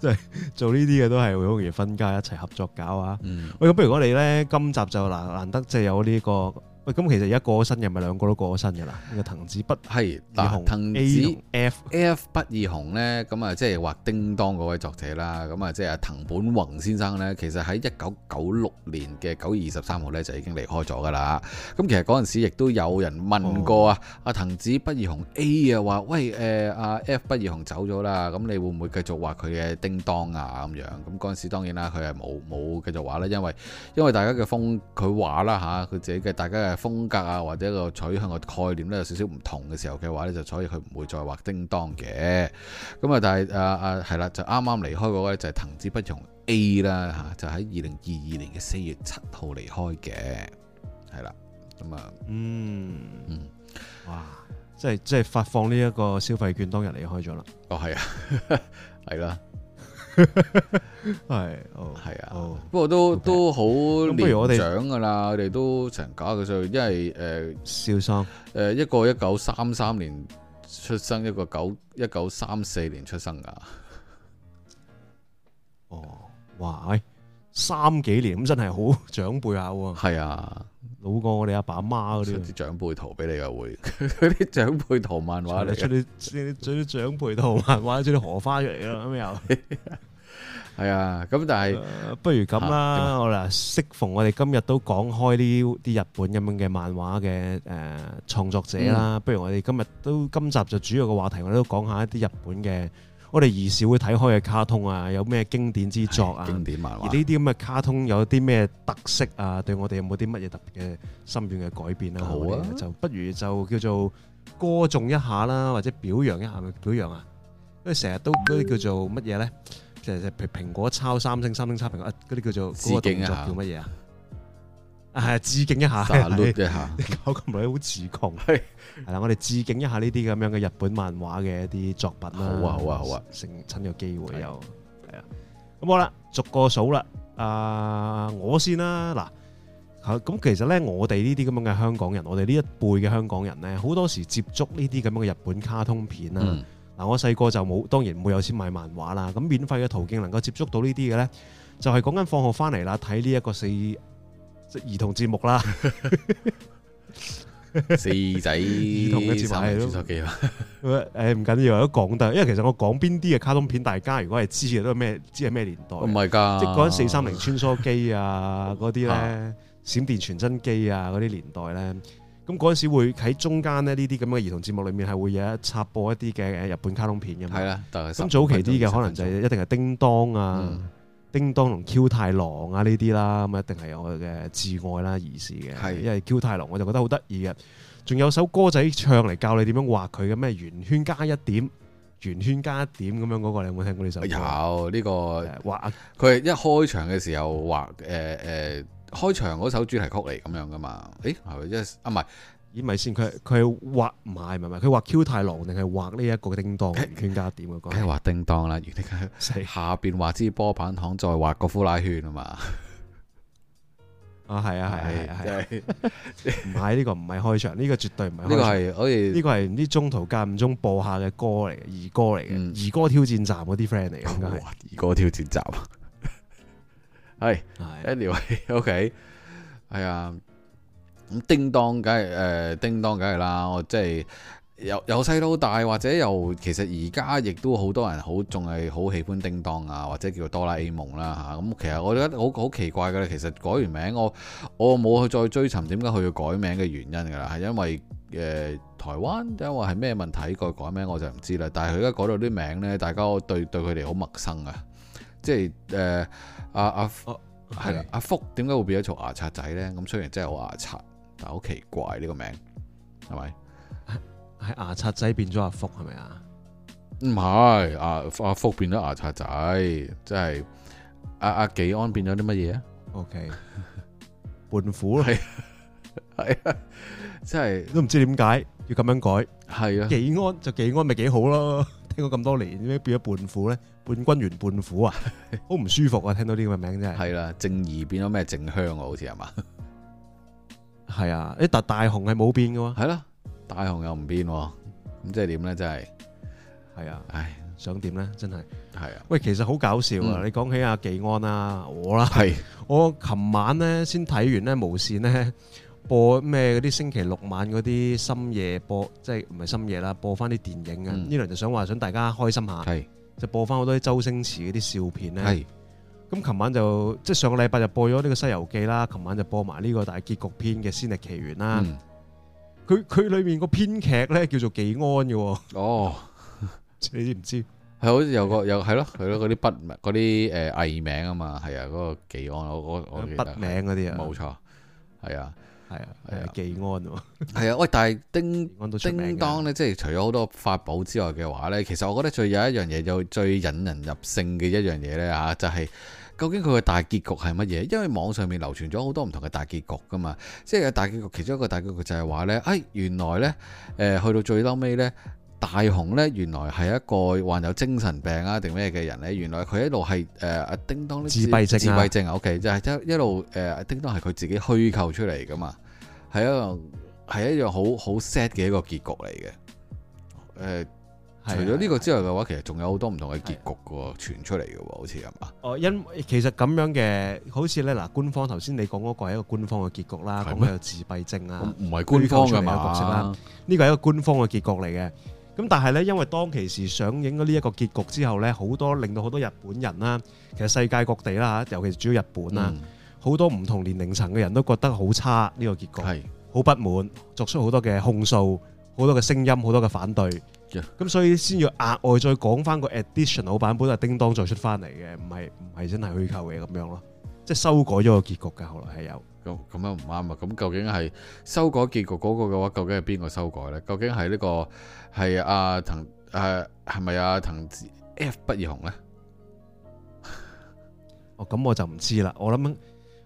即係做呢啲嘅都係會好容易分家，一齊合作搞啊！喂、嗯哎，咁不如我哋咧今集就難得即有呢、這個。喂，咁其實而家過咗身又咪兩個都過咗身嘅啦。個藤子不二雄，藤子和 F F 不二雄呢，咁啊即係畫叮當嗰位作者啦。咁啊即係藤本弘先生呢，其實喺一九九六年嘅九月二十三號呢，就已經離開咗噶啦。咁其實嗰陣時亦都有人問過啊，阿藤子不二雄 A 啊話喂誒，阿、呃、F 不二雄走咗啦，咁你會唔會繼續畫佢嘅叮當啊咁樣？咁嗰陣時當然啦，佢係冇冇繼續畫啦，因為因為大家嘅風佢畫啦吓，佢自己嘅大家嘅。風格啊，或者一個取向個概念，咧有少少唔同嘅時候嘅話呢就，所以佢唔會再畫叮當嘅。咁啊，但係啊啊係啦，就啱啱離開嗰位就係藤子不二雄 A 啦吓，就喺二零二二年嘅四月七號離開嘅，係啦。咁啊，嗯嗯，嗯哇，即係即係發放呢一個消費券當日離開咗啦。哦，係啊，係 啦。係， 啊、哦，係啊，不過都好病都好年長噶啦，我哋都成九廿歲，因為誒，小生誒，一個一九三三年出生，一個九一九三四年出生噶，哦，哇，誒，三幾年咁真係好長輩下喎，係啊，啊老過我哋阿爸阿媽嗰啲，出啲長輩圖俾你嘅會，嗰 啲長輩圖漫畫，你出啲出啲長輩圖漫畫，出啲荷花出嚟咯咁又。 係啊，咁但係、呃、不如咁啦。啊、我嗱，適逢我哋今日都講開呢啲日本咁樣嘅漫畫嘅誒創作者啦，嗯、不如我哋今日都今集就主要嘅話題我一一，我哋都講下一啲日本嘅我哋兒時會睇開嘅卡通啊，有咩經典之作啊？經典漫畫而呢啲咁嘅卡通有啲咩特色啊？對我哋有冇啲乜嘢特別嘅深遠嘅改變啊？好啊，就不如就叫做歌頌一下啦，或者表揚一下咪表揚啊？因為成日都嗰啲叫做乜嘢咧？其實，即蘋果抄三星，三星抄蘋果，嗰啲叫做嗰個動作叫乜嘢啊？係啊，致敬一下，你搞咁耐好自窮係。啦是，我哋致敬一下呢啲咁樣嘅日本漫畫嘅一啲作品啦。好啊，好啊，好啊，成親有機會又係啊。咁是好啦，逐個數啦。啊、呃，我先啦。嗱，咁其實咧，我哋呢啲咁樣嘅香港人，我哋呢一輩嘅香港人咧，好多時接觸呢啲咁樣嘅日本卡通片啦。嗯嗱，我細個就冇，當然冇有錢買漫畫啦。咁免費嘅途徑能夠接觸到呢啲嘅咧，就係講緊放學翻嚟啦，睇呢一個四即兒童節目啦。四仔兒童嘅節目咯，誒唔緊要，都講得，因為其實我講邊啲嘅卡通片，大家如果係知嘅都係咩，知係咩年代。唔係㗎，即講緊四三零穿梭機啊，嗰啲咧閃電傳真機啊，嗰啲年代咧。咁嗰陣時會喺中間咧呢啲咁嘅兒童節目裏面係會有一插播一啲嘅日本卡通片嘅嘛。係啦。咁早期啲嘅可能就一定係叮噹啊、嗯、叮噹同 Q 太郎啊呢啲啦，咁一定係我嘅至愛啦、啊、兒時嘅。係的。因為 Q 太郎我就覺得好得意嘅，仲有首歌仔唱嚟教你點樣畫佢嘅咩圓圈加一點、圓圈加一點咁樣嗰個，你有冇聽過呢首歌？有呢、呢個畫，佢、呃、一開場嘅時候畫誒誒。呃呃開場嗰首主題曲嚟咁樣噶嘛？誒係咪即係啊？唔係，咦，唔係先，佢，佢畫，唔係，唔係佢畫 Q 太郎定係畫呢一個叮 當？圈加點嘅歌。梗係畫叮當啦，圓圈加下邊畫支波板糖，再畫個呼啦圈啊嘛。啊係啊係啊係啊！唔係呢個唔係開場，呢 個絕對唔係開場，呢個係好似呢個係啲中途間唔中播下嘅歌嚟，嘅，兒歌嚟嘅，兒歌挑戰站嗰啲 friend 嚟嘅。哇，嗯！兒歌挑戰站 係，anyway，OK，係啊，咁、anyway, okay. yeah. 叮噹梗係誒，叮噹梗係啦，我即、就、係、是、由由細到大，或者又其實而家亦都好多人好，仲係好喜歡叮噹啊，或者叫哆啦 A 夢啦嚇。咁、啊、其實我覺得好好奇怪嘅咧，其實改完名我我冇去再追尋點解佢要改名嘅原因噶啦，係因為誒、呃、台灣，因為係咩問題佢改名我就唔知啦。但係佢而家改到啲名咧，大家對對佢哋好陌生啊。即係誒，阿阿福係啦，阿、啊啊啊 okay. 啊、福點解會變咗做牙刷仔咧？咁雖然真係好牙刷，但係好奇怪呢、這個名，係咪？係、啊、牙刷仔變咗阿福係咪啊？唔係阿阿福變咗牙刷仔，即係阿阿紀安變咗啲乜嘢啊？OK，胖虎咯，係啊 是，即係都唔知點解要咁樣改，係啊，紀安就紀安，就紀安，咪幾好咯。聽過咁多年，點解變咗胖虎咧？伴君如伴虎啊，好唔 舒服啊！聽到呢個名真係。係啦、啊，靜兒變咗咩？靜香 啊，好似係嘛。係啊，誒但大雄係冇變噶。係咯，大雄又唔變、啊，咁即係點咧？真係。係啊，唉，想點咧？真係。係啊。喂，其實好搞笑、嗯、啊！你講起阿技安啊，我啦，係是我琴晚咧先睇完咧無綫咧。播咩嗰啲星期六晚嗰啲深夜播，即係唔係深夜啦，播翻啲電影啊呢輪就想話想大家開心下，是 就播翻好多啲周星馳嗰啲笑片咧。咁琴是 晚就即係上個禮拜就播咗呢個《西遊記》啦，琴晚就播埋呢個大結局篇嘅《仙履奇緣》啦。佢佢、嗯、裏面個編劇咧叫做技安嘅。哦 你知，你唔知係好似有個又係咯，係咯嗰啲筆名嗰啲誒藝名啊嘛係啊嗰個技安我我我記得筆名嗰啲啊冇錯，係啊。という Beautiful 係啊，係啊，記安喎。係 啊，喂，但係叮叮當咧，即係除咗好多法寶之外嘅話咧，其實我覺得最有一樣嘢就最引人入勝嘅一樣嘢咧嚇，就係究竟佢嘅大結局係乜嘢？因為網上面流傳咗好多唔同嘅大結局噶嘛。即係大結局，其中一個大結局就係話咧，哎，原來咧，誒、呃，去到最嬲尾咧，大雄咧原來係一個患有精神病啊定咩嘅人咧，原來佢一路係誒阿叮當自，自閉症、啊、自閉症 o、okay, k 就係一路誒、呃、叮當係佢自己虛構出嚟噶嘛。係一樣，係一樣好好 sad 嘅一個結局嚟嘅。誒、呃，除咗呢個之外嘅話，其實仲有好多唔同嘅結局嘅，傳出嚟嘅，好似係嘛？哦，因其實咁樣嘅，好似咧嗱，官方頭先你講嗰個係一個官方嘅結局啦，講佢有自閉症啊，唔係官方嘅嘛？呢個係一個官方嘅結局嚟嘅。咁但係咧，因為當其時上映咗呢一個結局之後咧，好多令到好多日本人啦，其實世界各地啦吓，尤其是主要日本啦。嗯好多唔同年齡層嘅人都覺得好差呢、這個結局，好是不滿，作出好多嘅控訴，好多嘅聲音，好多嘅反對。咁 Yeah. 所以先要額外再講翻個 additional 版本啊，叮當再出翻嚟嘅，唔係唔係真係虛構嘅咁樣咯，即係修改咗個結局㗎。後來係有咁咁樣唔啱啊！咁究竟係修改結局嗰個嘅話，究竟係邊個修改咧？究竟係呢、這個係阿藤誒係咪阿藤子、啊啊、F 不二雄咧？ 哦，咁我就唔知啦，我諗。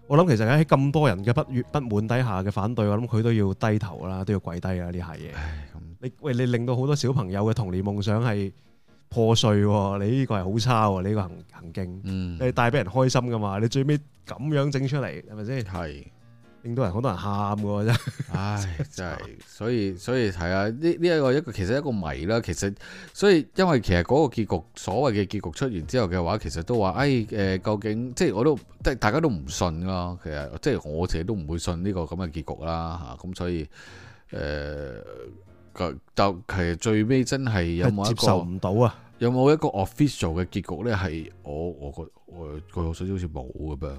我諗其實喺咁多人嘅不不滿底下嘅反對，我諗佢都要低頭啦，都要跪低啦呢下嘢。你喂，你令到好多小朋友嘅童年夢想係破碎喎！你呢個係好差喎！你呢個行行徑，嗯、你帶俾人開心噶嘛？你最尾咁樣整出嚟係咪先？係。令到人好多人喊嘅唉真是，唉真係，所以所以係啊，呢呢一個一個其實一個謎啦。其實所以因為其實嗰個結局，所謂嘅結局出完之後嘅話，其實都話，誒、哎、誒、呃，究竟即係我都即係大家都唔信咯。其實即係我自己都唔會信呢個咁嘅結局啦。吓、啊、咁所以誒、呃，就，就其實最尾真係有冇一個接受唔到啊？有冇一個 official 嘅結局咧？係我我覺誒，據我所知好似冇咁樣。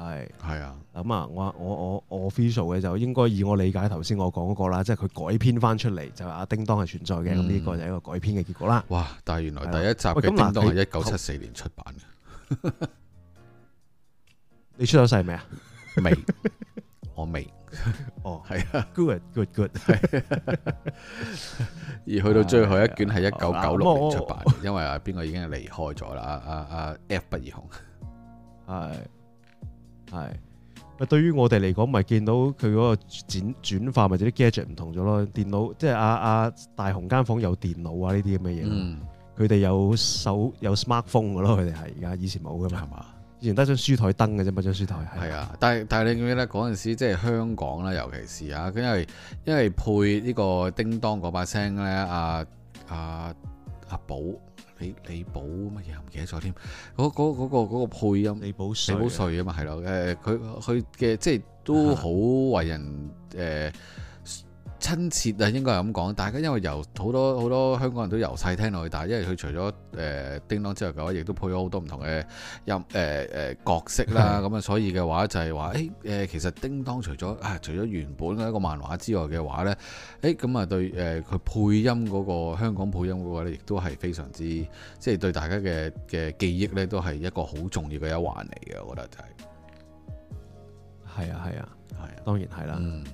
係，係啊，咁啊、嗯，我我我我 f f i l 嘅就應該以我理解頭先我講嗰個啦，即係佢改編翻出嚟就阿、是、叮噹係存在嘅，咁呢、嗯、個就係一個改編嘅結果啦。哇！但係原來第一集嘅叮噹係一九七四年出版嘅、哎嗯啊，你， 你出咗世未啊？未，我未。哦，係啊。Good，good，good。係。而去到最後一卷係一九九六年出版，啊啊啊啊、因為啊，邊個已經離開咗啦？啊啊啊！F 不二雄，係、啊。係，咁對於我哋嚟講，咪、就是、見到佢嗰個轉化或者、就、啲、是、gadget 唔同咗咯。電腦即係啊啊，大雄間房有電腦啊，呢啲咁嘅嘢。佢哋、嗯、有手有 smartphone 嘅咯，佢哋係而家以前冇嘅嘛，係嘛？以前得張書台燈嘅啫，嘛。張書台？係啊，嗯、但係但係你記得嗰陣時即係香港啦，尤其是啊，因為因為配呢個叮噹嗰把聲咧，阿阿阿寶。你你補乜嘢唔記得咗添？嗰嗰、嗰個配、嗰個嗰個、音，你補稅啊嘛，係咯？誒、呃，佢佢嘅即係都好為人誒。呃親切啊，應該係咁講。大家因為由好多好多香港人都由細聽落去，但係因為佢除咗誒、呃、叮噹之外嘅話，亦都配咗好多唔同嘅音誒誒、呃呃、角色啦。咁啊，所以嘅話就係話誒誒，其實叮噹除咗啊，除咗原本嘅一個漫畫之外嘅話咧，誒咁啊對誒佢、呃、配音嗰、那個香港配音嘅話咧，亦都係非常之即係、就是、對大家嘅嘅記憶咧，都係一個好重要嘅一環嚟嘅。我覺得就係、是、係啊，係啊，係啊，當然係啦。啊嗯、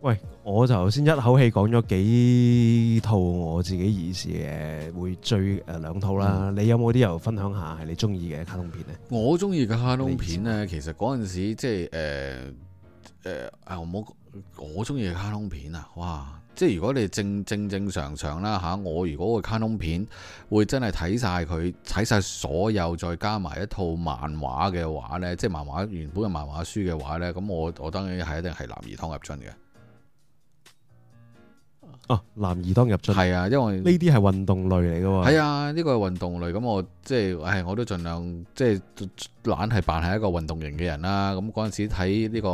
喂。我頭先一口氣講咗幾套我自己耳熟能詳嘅，會追、呃、兩套啦。嗯、你有冇啲又分享下係你中意嘅卡通片呢？我中意嘅卡通片呢，其實嗰陣時即係誒誒，我我中意嘅卡通片啊，哇！即係如果你正正正常常啦嚇、啊，我如果個卡通片會真係睇晒佢睇晒所有，再加埋一套漫畫嘅話呢，即係漫畫原本嘅漫畫書嘅話呢。咁我我當然係一定係男兒當入樽嘅。哦，男兒當入樽係啊，因為呢啲係運動類嚟嘅喎。係啊，呢、啊呢個係運動類，咁我即係，係、就係、我都盡量即係懶係扮係一個運動型嘅人啦。咁嗰陣時睇呢、呢個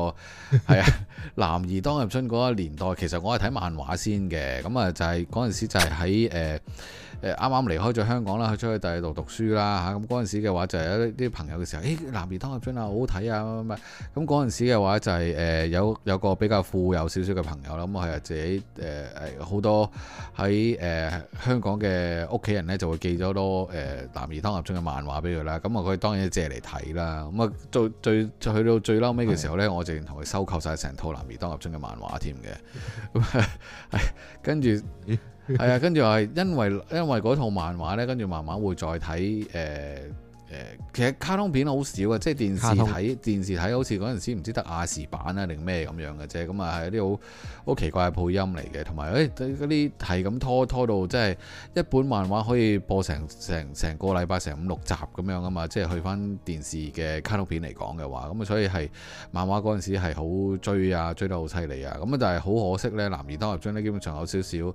係啊，男兒 當入樽嗰個年代，其實我係睇漫畫先嘅。咁啊、就係，就係嗰陣時就係喺誒。呃誒啱啱離開咗香港啦，去出去第二度讀書啦嚇。咁嗰陣時嘅話就係一啲朋友嘅時候，誒、哎《男兒當入樽》啊，好好睇啊咁啊。咁嗰、啊、時嘅話就係誒有有個比較富有少少嘅朋友啦。咁佢係自己誒誒好多喺誒、呃、香港嘅屋企人咧，就會寄咗多誒《男、呃、兒當入樽》嘅漫畫俾佢啦。咁我佢當然借嚟睇啦。咁啊最最去到最嬲尾嘅時候咧，的我竟然同佢收購晒成套當《男兒當入樽》嘅漫畫添嘅。咁、哎、係跟住。 嗯係啊， 跟住係因為因為嗰套漫畫呢，跟住慢慢會再睇誒。呃誒，其實卡通片好少嘅，即係電視睇，電視睇好似嗰陣時唔知得亞視版啊，定咩咁樣嘅啫。咁啊，係一啲好好奇怪嘅配音嚟嘅，同埋誒，嗰啲係咁拖拖到即係一本漫畫可以播成成成，成個禮拜，成五六集咁樣啊嘛。即係去翻電視嘅卡通片嚟講嘅話，咁啊，所以係漫畫嗰陣時係好追啊，追得好犀利啊。咁啊，但係好可惜呢，男兒當入樽呢基本上有少少誒誒，出、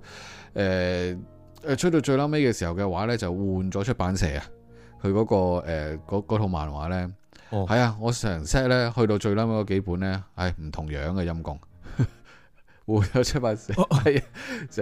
呃、到最撈尾嘅時候嘅話呢，就換咗出版社啊。佢嗰、嗰個嗰、呃、套漫畫咧，係啊、oh. 哎，我成 set 咧去到最撚嗰幾本咧，係唔同樣嘅陰功，會有七八成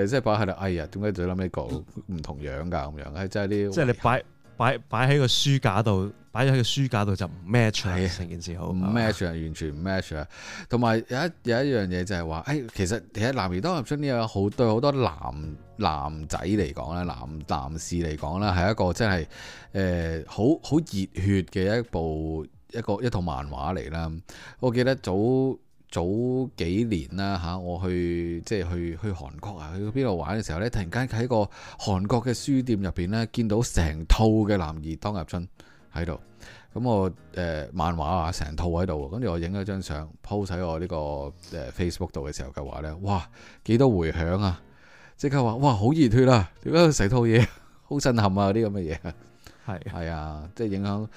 set 擺喺度。哎呀，點解仲要諗呢個唔同樣噶咁、oh. 哎哎、樣,樣？係、哎、真係啲，即係你擺。擺擺喺個書架度，擺喺個書架度就唔 match 啊！成的件事好唔 match 啊，完全唔 match 啊。同埋有，有一有一樣嘢就係話，誒其實其實《男兒當入樽》呢樣好多好多男男仔嚟講咧，男男士嚟講咧係一個真係誒好好熱血嘅一部一個一套漫畫嚟啦。我記得早。早幾年啦，嚇，我去即係去去韓國啊，去到邊度玩嘅時候呢，突然間喺個韓國嘅書店入邊呢，見到成套嘅《男兒當入樽》喺度，咁我誒漫畫啊，成套喺度，跟住我影咗張相 po 喺我呢個誒 Facebook 度嘅時候嘅話呢：「哇，幾多迴響啊！即刻話哇，好熱血啦、啊，點解成套嘢好震撼啊？啲咁嘅嘢，係係是的 啊，即係影響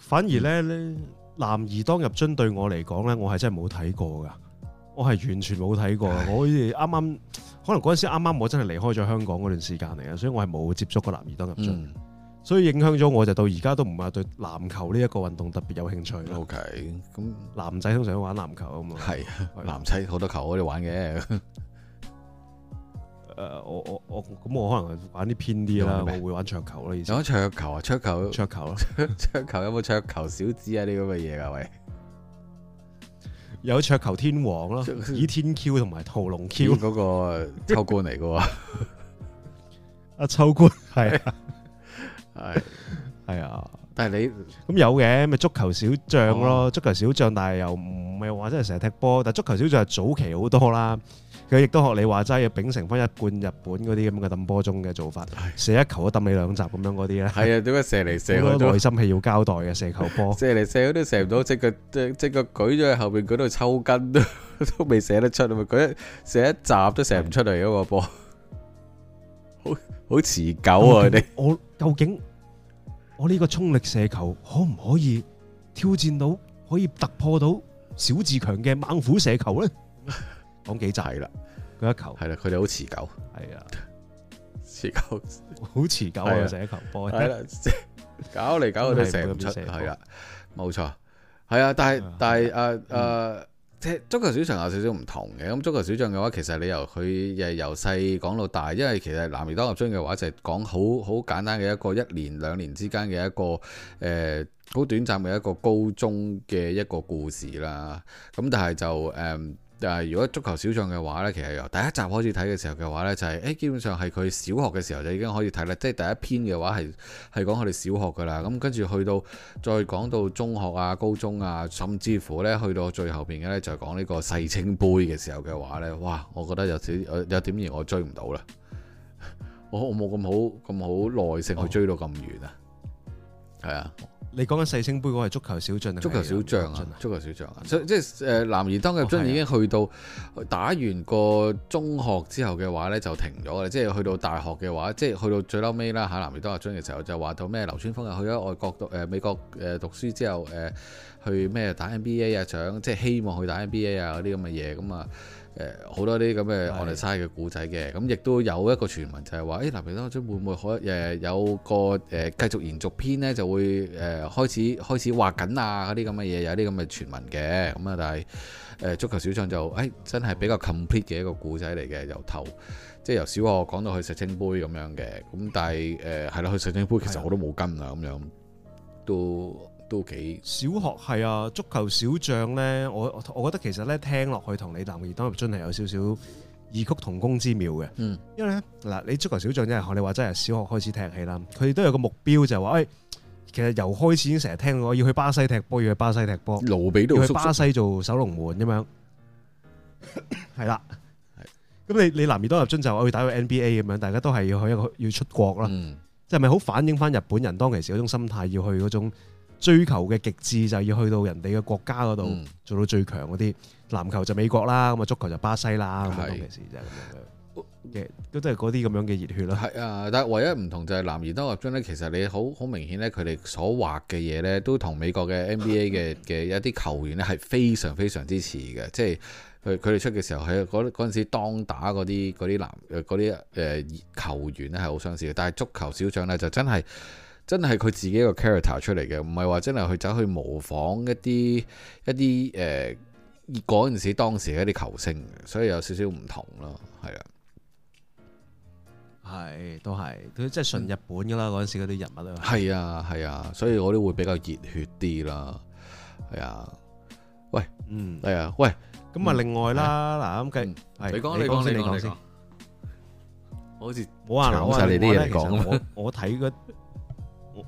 反而呢。嗯男兒當入樽對我嚟講呢我係真係冇睇過噶，我係完全冇睇過。我好似啱啱可能嗰陣時啱啱我真係離開咗香港嗰段時間嚟啊，所以我係冇接觸過男兒當入樽，嗯、所以影響咗我就到而家都唔係對籃球呢一個運動特別有興趣 O K，咁男仔通常都玩籃球啊嘛，係、啊、男仔好多球可以玩嘅。 誒、呃，我我我咁我可能玩啲偏啲啦，我會玩桌球啦。玩桌球啊，桌球桌球咯。桌球有冇桌球小子啊？啲咁嘅嘢噶，喂，有桌球天王咯，倚 天 Q 同埋屠龍 Q 嗰個秋官嚟噶。阿秋官係啊，係係啊。 啊但係你咁有嘅，咪、就是、足球小將咯，哦、足球小將，但係又唔係話真係成日踢波。但係足球小將係早期好多啦。佢亦都學你話齋，要秉承翻一貫日本嗰啲咁嘅揼波鐘嘅做法，的射一球都揼你兩集咁樣嗰啲咧。係啊，點解射嚟射去都內心戲要交代嘅射球波？射嚟射去都射唔到，隻腳隻隻腳舉咗去後面，舉到抽筋都 都未射得出啊！佢一射一集都射唔出嚟嗰個波，的 好好持久啊！你我究竟我呢個衝力射球可唔可以挑戰到可以突破到小志強嘅猛虎射球咧？ 講幾滯啦，嗰一球係啦，佢哋好持久，係啊，持久，好持久啊！成一球波，係啦，即搞嚟搞去都射唔出，係啊，冇錯，係啊，但係但係誒誒，踢足球小將有少少唔同嘅，咁足球小將嘅話，其實你由佢亦由細講到大，因為其實男兒當入樽嘅話就係講好好簡單嘅一個一年兩年之間嘅一個誒，好短暫嘅一個高中嘅一個故事啦，咁但係就誒。但係如果足球小將嘅話呢，其實由第一集開始睇嘅時候嘅話呢，就係誒，基本上係佢小學嘅時候就已經可以睇啦。即係第一篇嘅話係係講佢哋小學噶啦。咁跟住去到再講到中學啊、高中啊，甚至乎呢去到最後邊嘅呢，就是、講呢個世青杯嘅時候嘅話呢。哇！我覺得有少有點兒我追唔到啦。我我冇咁好咁好耐性去追到咁遠啊。係、哦、啊。你講緊世青杯嗰係足球小將，足球小將啊，足球小將啊，即係誒男兒當入樽已經去到、哦啊、打完個中學之後嘅話呢，就停咗啦，即係去到大學嘅話，即係去到最嬲尾啦嚇，男兒當入樽嘅時候就話到咩劉川峰啊去咗外國讀誒、呃、美國誒讀書之後誒、呃、去咩打 NBA 啊，想即係希望去打 NBA 啊嗰啲咁嘅嘢咁啊。誒好多啲咁嘅 fantasy 嘅故仔嘅，咁亦都有一個傳聞就係話，誒南明山會唔會可誒有個誒繼續延續篇呢，就會誒開始開始畫緊啊嗰啲咁嘅嘢，有啲咁嘅傳聞嘅，咁啊但係誒、呃、足球小將就誒、欸、真係比較 complete 嘅一個故仔嚟嘅，由頭即係由小學講到去世青杯咁樣嘅，咁但係誒係咯，去世青杯其實我都冇跟啊咁的樣，都。都幾小學係啊，足球小將咧，我我，我覺得其實咧聽落去同你男兒當入樽係有少少異曲同工之妙嘅。嗯，因為咧嗱，你足球小將即係你話真係小學開始踢起啦，佢都有個目標就係、是、話，誒、哎，其實由開始已經成日聽到我要去巴西踢波，要去巴西踢波，盧比都要去巴西做守龍門咁樣，係啦。係，咁你你男兒當入樽就我去打個 NBA 咁樣，大家都係要去一個要出國啦。即係咪好反映翻日本人當其時嗰種心態要去嗰種？追求嘅極致就係要去到人哋嘅國家嗰度做到最強嗰啲，嗯、籃球就美國啦，咁啊足球就巴西啦，多嘅事就係咁樣嘅，我 yeah, 都都係嗰啲咁樣嘅熱血啦。係啊，但係唯一唔同就係男兒當入樽呢，其實你好好明顯呢，佢哋所畫嘅嘢呢，都同美國嘅 NBA 嘅嘅一啲球員呢係非常非常之似嘅，即係佢佢哋出嘅時候係嗰嗰陣時當打嗰啲嗰啲男啲誒球員咧係好相似嘅，但係足球小將呢就真係。真係佢自己個 character 出嚟嘅，唔係話真係去走去模仿一啲一啲誒，嗰陣時當時嘅一啲球星，所以有少少唔同咯，係啊，係都係，佢即係純日本噶啦，嗰陣時嗰啲人物啊，係啊係啊，所以我都會比較熱血啲啦，係啊，喂，嗯，係啊，喂，咁啊另外啦，嗱咁勁，你講你講先，你講先，好似冇話，冇晒你啲嘢嚟講，我睇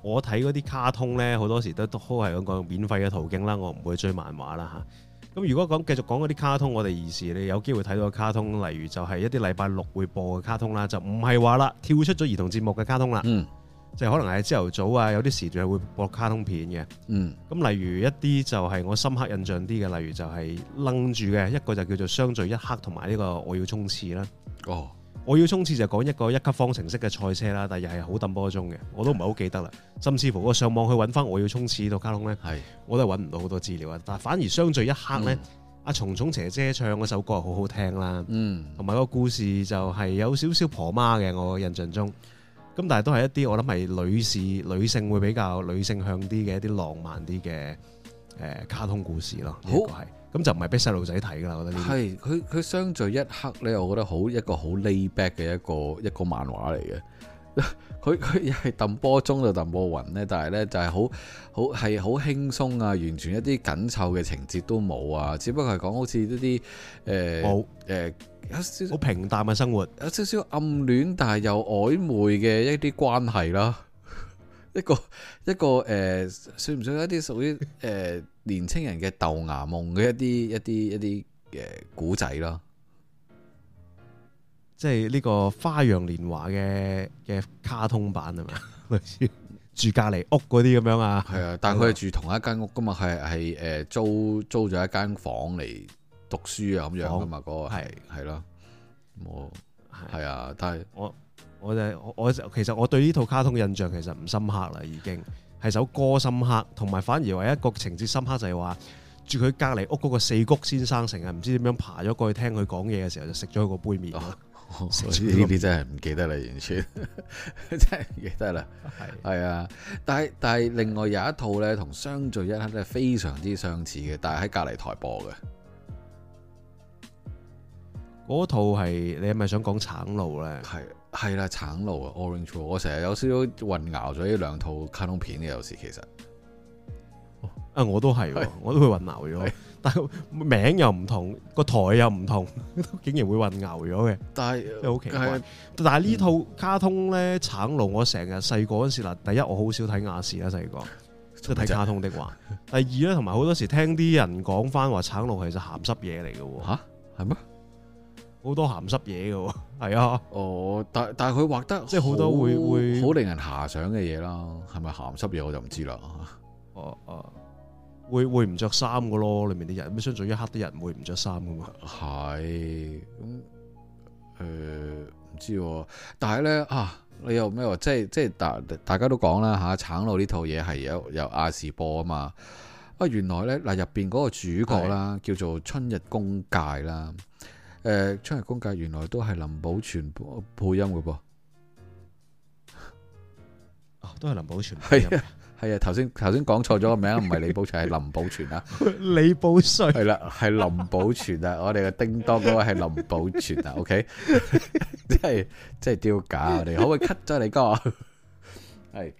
我睇嗰啲卡通呢，好多時都都都係咁講免費嘅途徑啦，我唔會追漫畫啦嚇。咁、啊、如果講繼續講嗰啲卡通，我哋兒時你有機會睇到卡通，例如就係一啲禮拜六會播嘅卡通啦，就唔係話啦，跳出咗兒童節目嘅卡通啦，嗯，就可能係朝頭早啊，有啲時段會播卡通片嘅，咁、嗯、例如一啲就係我深刻印象啲嘅，例如就係愣住嘅一個就叫做《相聚一刻》同埋呢個《我要衝刺》啦。哦。我要衝刺就講一個一級方程式嘅賽車啦，但係又係好抌波鐘嘅，我都唔係好記得啦。甚至乎我上網去揾翻我要衝刺呢套卡通呢，是我都係揾唔到好多資料啊。但反而相聚一刻呢，阿、嗯啊、松松姐姐唱嗰首歌好好聽啦，同埋、嗯、個故事就係有少少婆媽嘅，我印象中。咁但係都係一啲我諗係女士女性會比較女性向啲嘅一啲浪漫啲嘅誒卡通故事咯，呢、這個係。咁就唔係俾細路仔睇噶啦，我覺得係佢佢相聚一刻咧，我覺得好一個好 layback 嘅一個一個漫畫嚟嘅。佢佢又係揼波鐘又揼波雲咧，但係咧就係好好係好輕鬆啊，完全一啲緊湊嘅情節都冇啊，只不過係講好似一啲誒冇誒有少少好平淡嘅生活，有少少暗戀但係又曖昧嘅一啲關係啦。一個一個誒、呃，算唔算一啲屬於誒年青人嘅豆芽夢嘅一啲一啲一啲誒古仔咯？呃、即係呢個花《花樣年華》嘅嘅卡通版係咪？ 類似住隔籬屋嗰啲咁樣啊？係啊，但係佢係住同一間屋噶嘛？係係誒租租咗一間房嚟讀書啊咁樣噶嘛？嗰、哦嗰個係係咯，我係是啊，但係我。我就我其實我對呢套卡通印象其實唔深刻啦，已經係首歌深刻，同埋反而唯一個情節深刻就係話住佢隔籬屋嗰個四谷先生成日唔知點樣爬咗過去聽佢講嘢嘅時候就食咗佢個杯麵。呢啲真係唔記得啦，完全真係唔記得啦。係係啊，但係但係另外有一套咧，同相聚一刻咧非常之相似嘅，但係喺隔籬台播嘅。嗰套係你係咪想講《橙路》咧？係。係啦，橙路 Orange，我成日有少少混淆咗呢兩套卡通片嘅有時，其實啊，我都係，的我都會混淆咗，的但係名又唔同，個台又唔同，竟然會混淆咗嘅，但係好奇怪。的但係呢套卡通咧，嗯、橙路我成日細個嗰時嗱，第一我好少睇亞視啦，細個都睇卡通的話，第二咧同埋好多時聽啲人講翻話橙路其實鹹濕嘢嚟嘅喎，吓係咩？好多鹹濕嘢嘅喎，係 啊，哦，但但係佢畫得即係好多會會好令人遐想嘅嘢啦，係咪鹹濕嘢我就唔知啦。哦哦會，會會唔着衫嘅咯，裏面啲人，咁相信一刻啲人會唔着衫嘅嘛？係，咁誒唔知，但係咧啊，你有咩話？即係即係大大家都講啦嚇，橙路呢套嘢係有有亞視播啊嘛。啊，原來咧嗱入邊嗰個主角啦，叫做春日公介啦。誒，春日公界原來都係林保全配音嘅噃，都係、啊啊、 林保全。係 帥 啊，係啊，頭先頭先講錯咗個名，唔係李寶全，係林保全啊。李寶瑞係啦，係林保全啊，okay? 我哋嘅叮噹嗰位係林保全啊。O K，即係真係丟架，我哋可唔可以 cut 咗你個？係。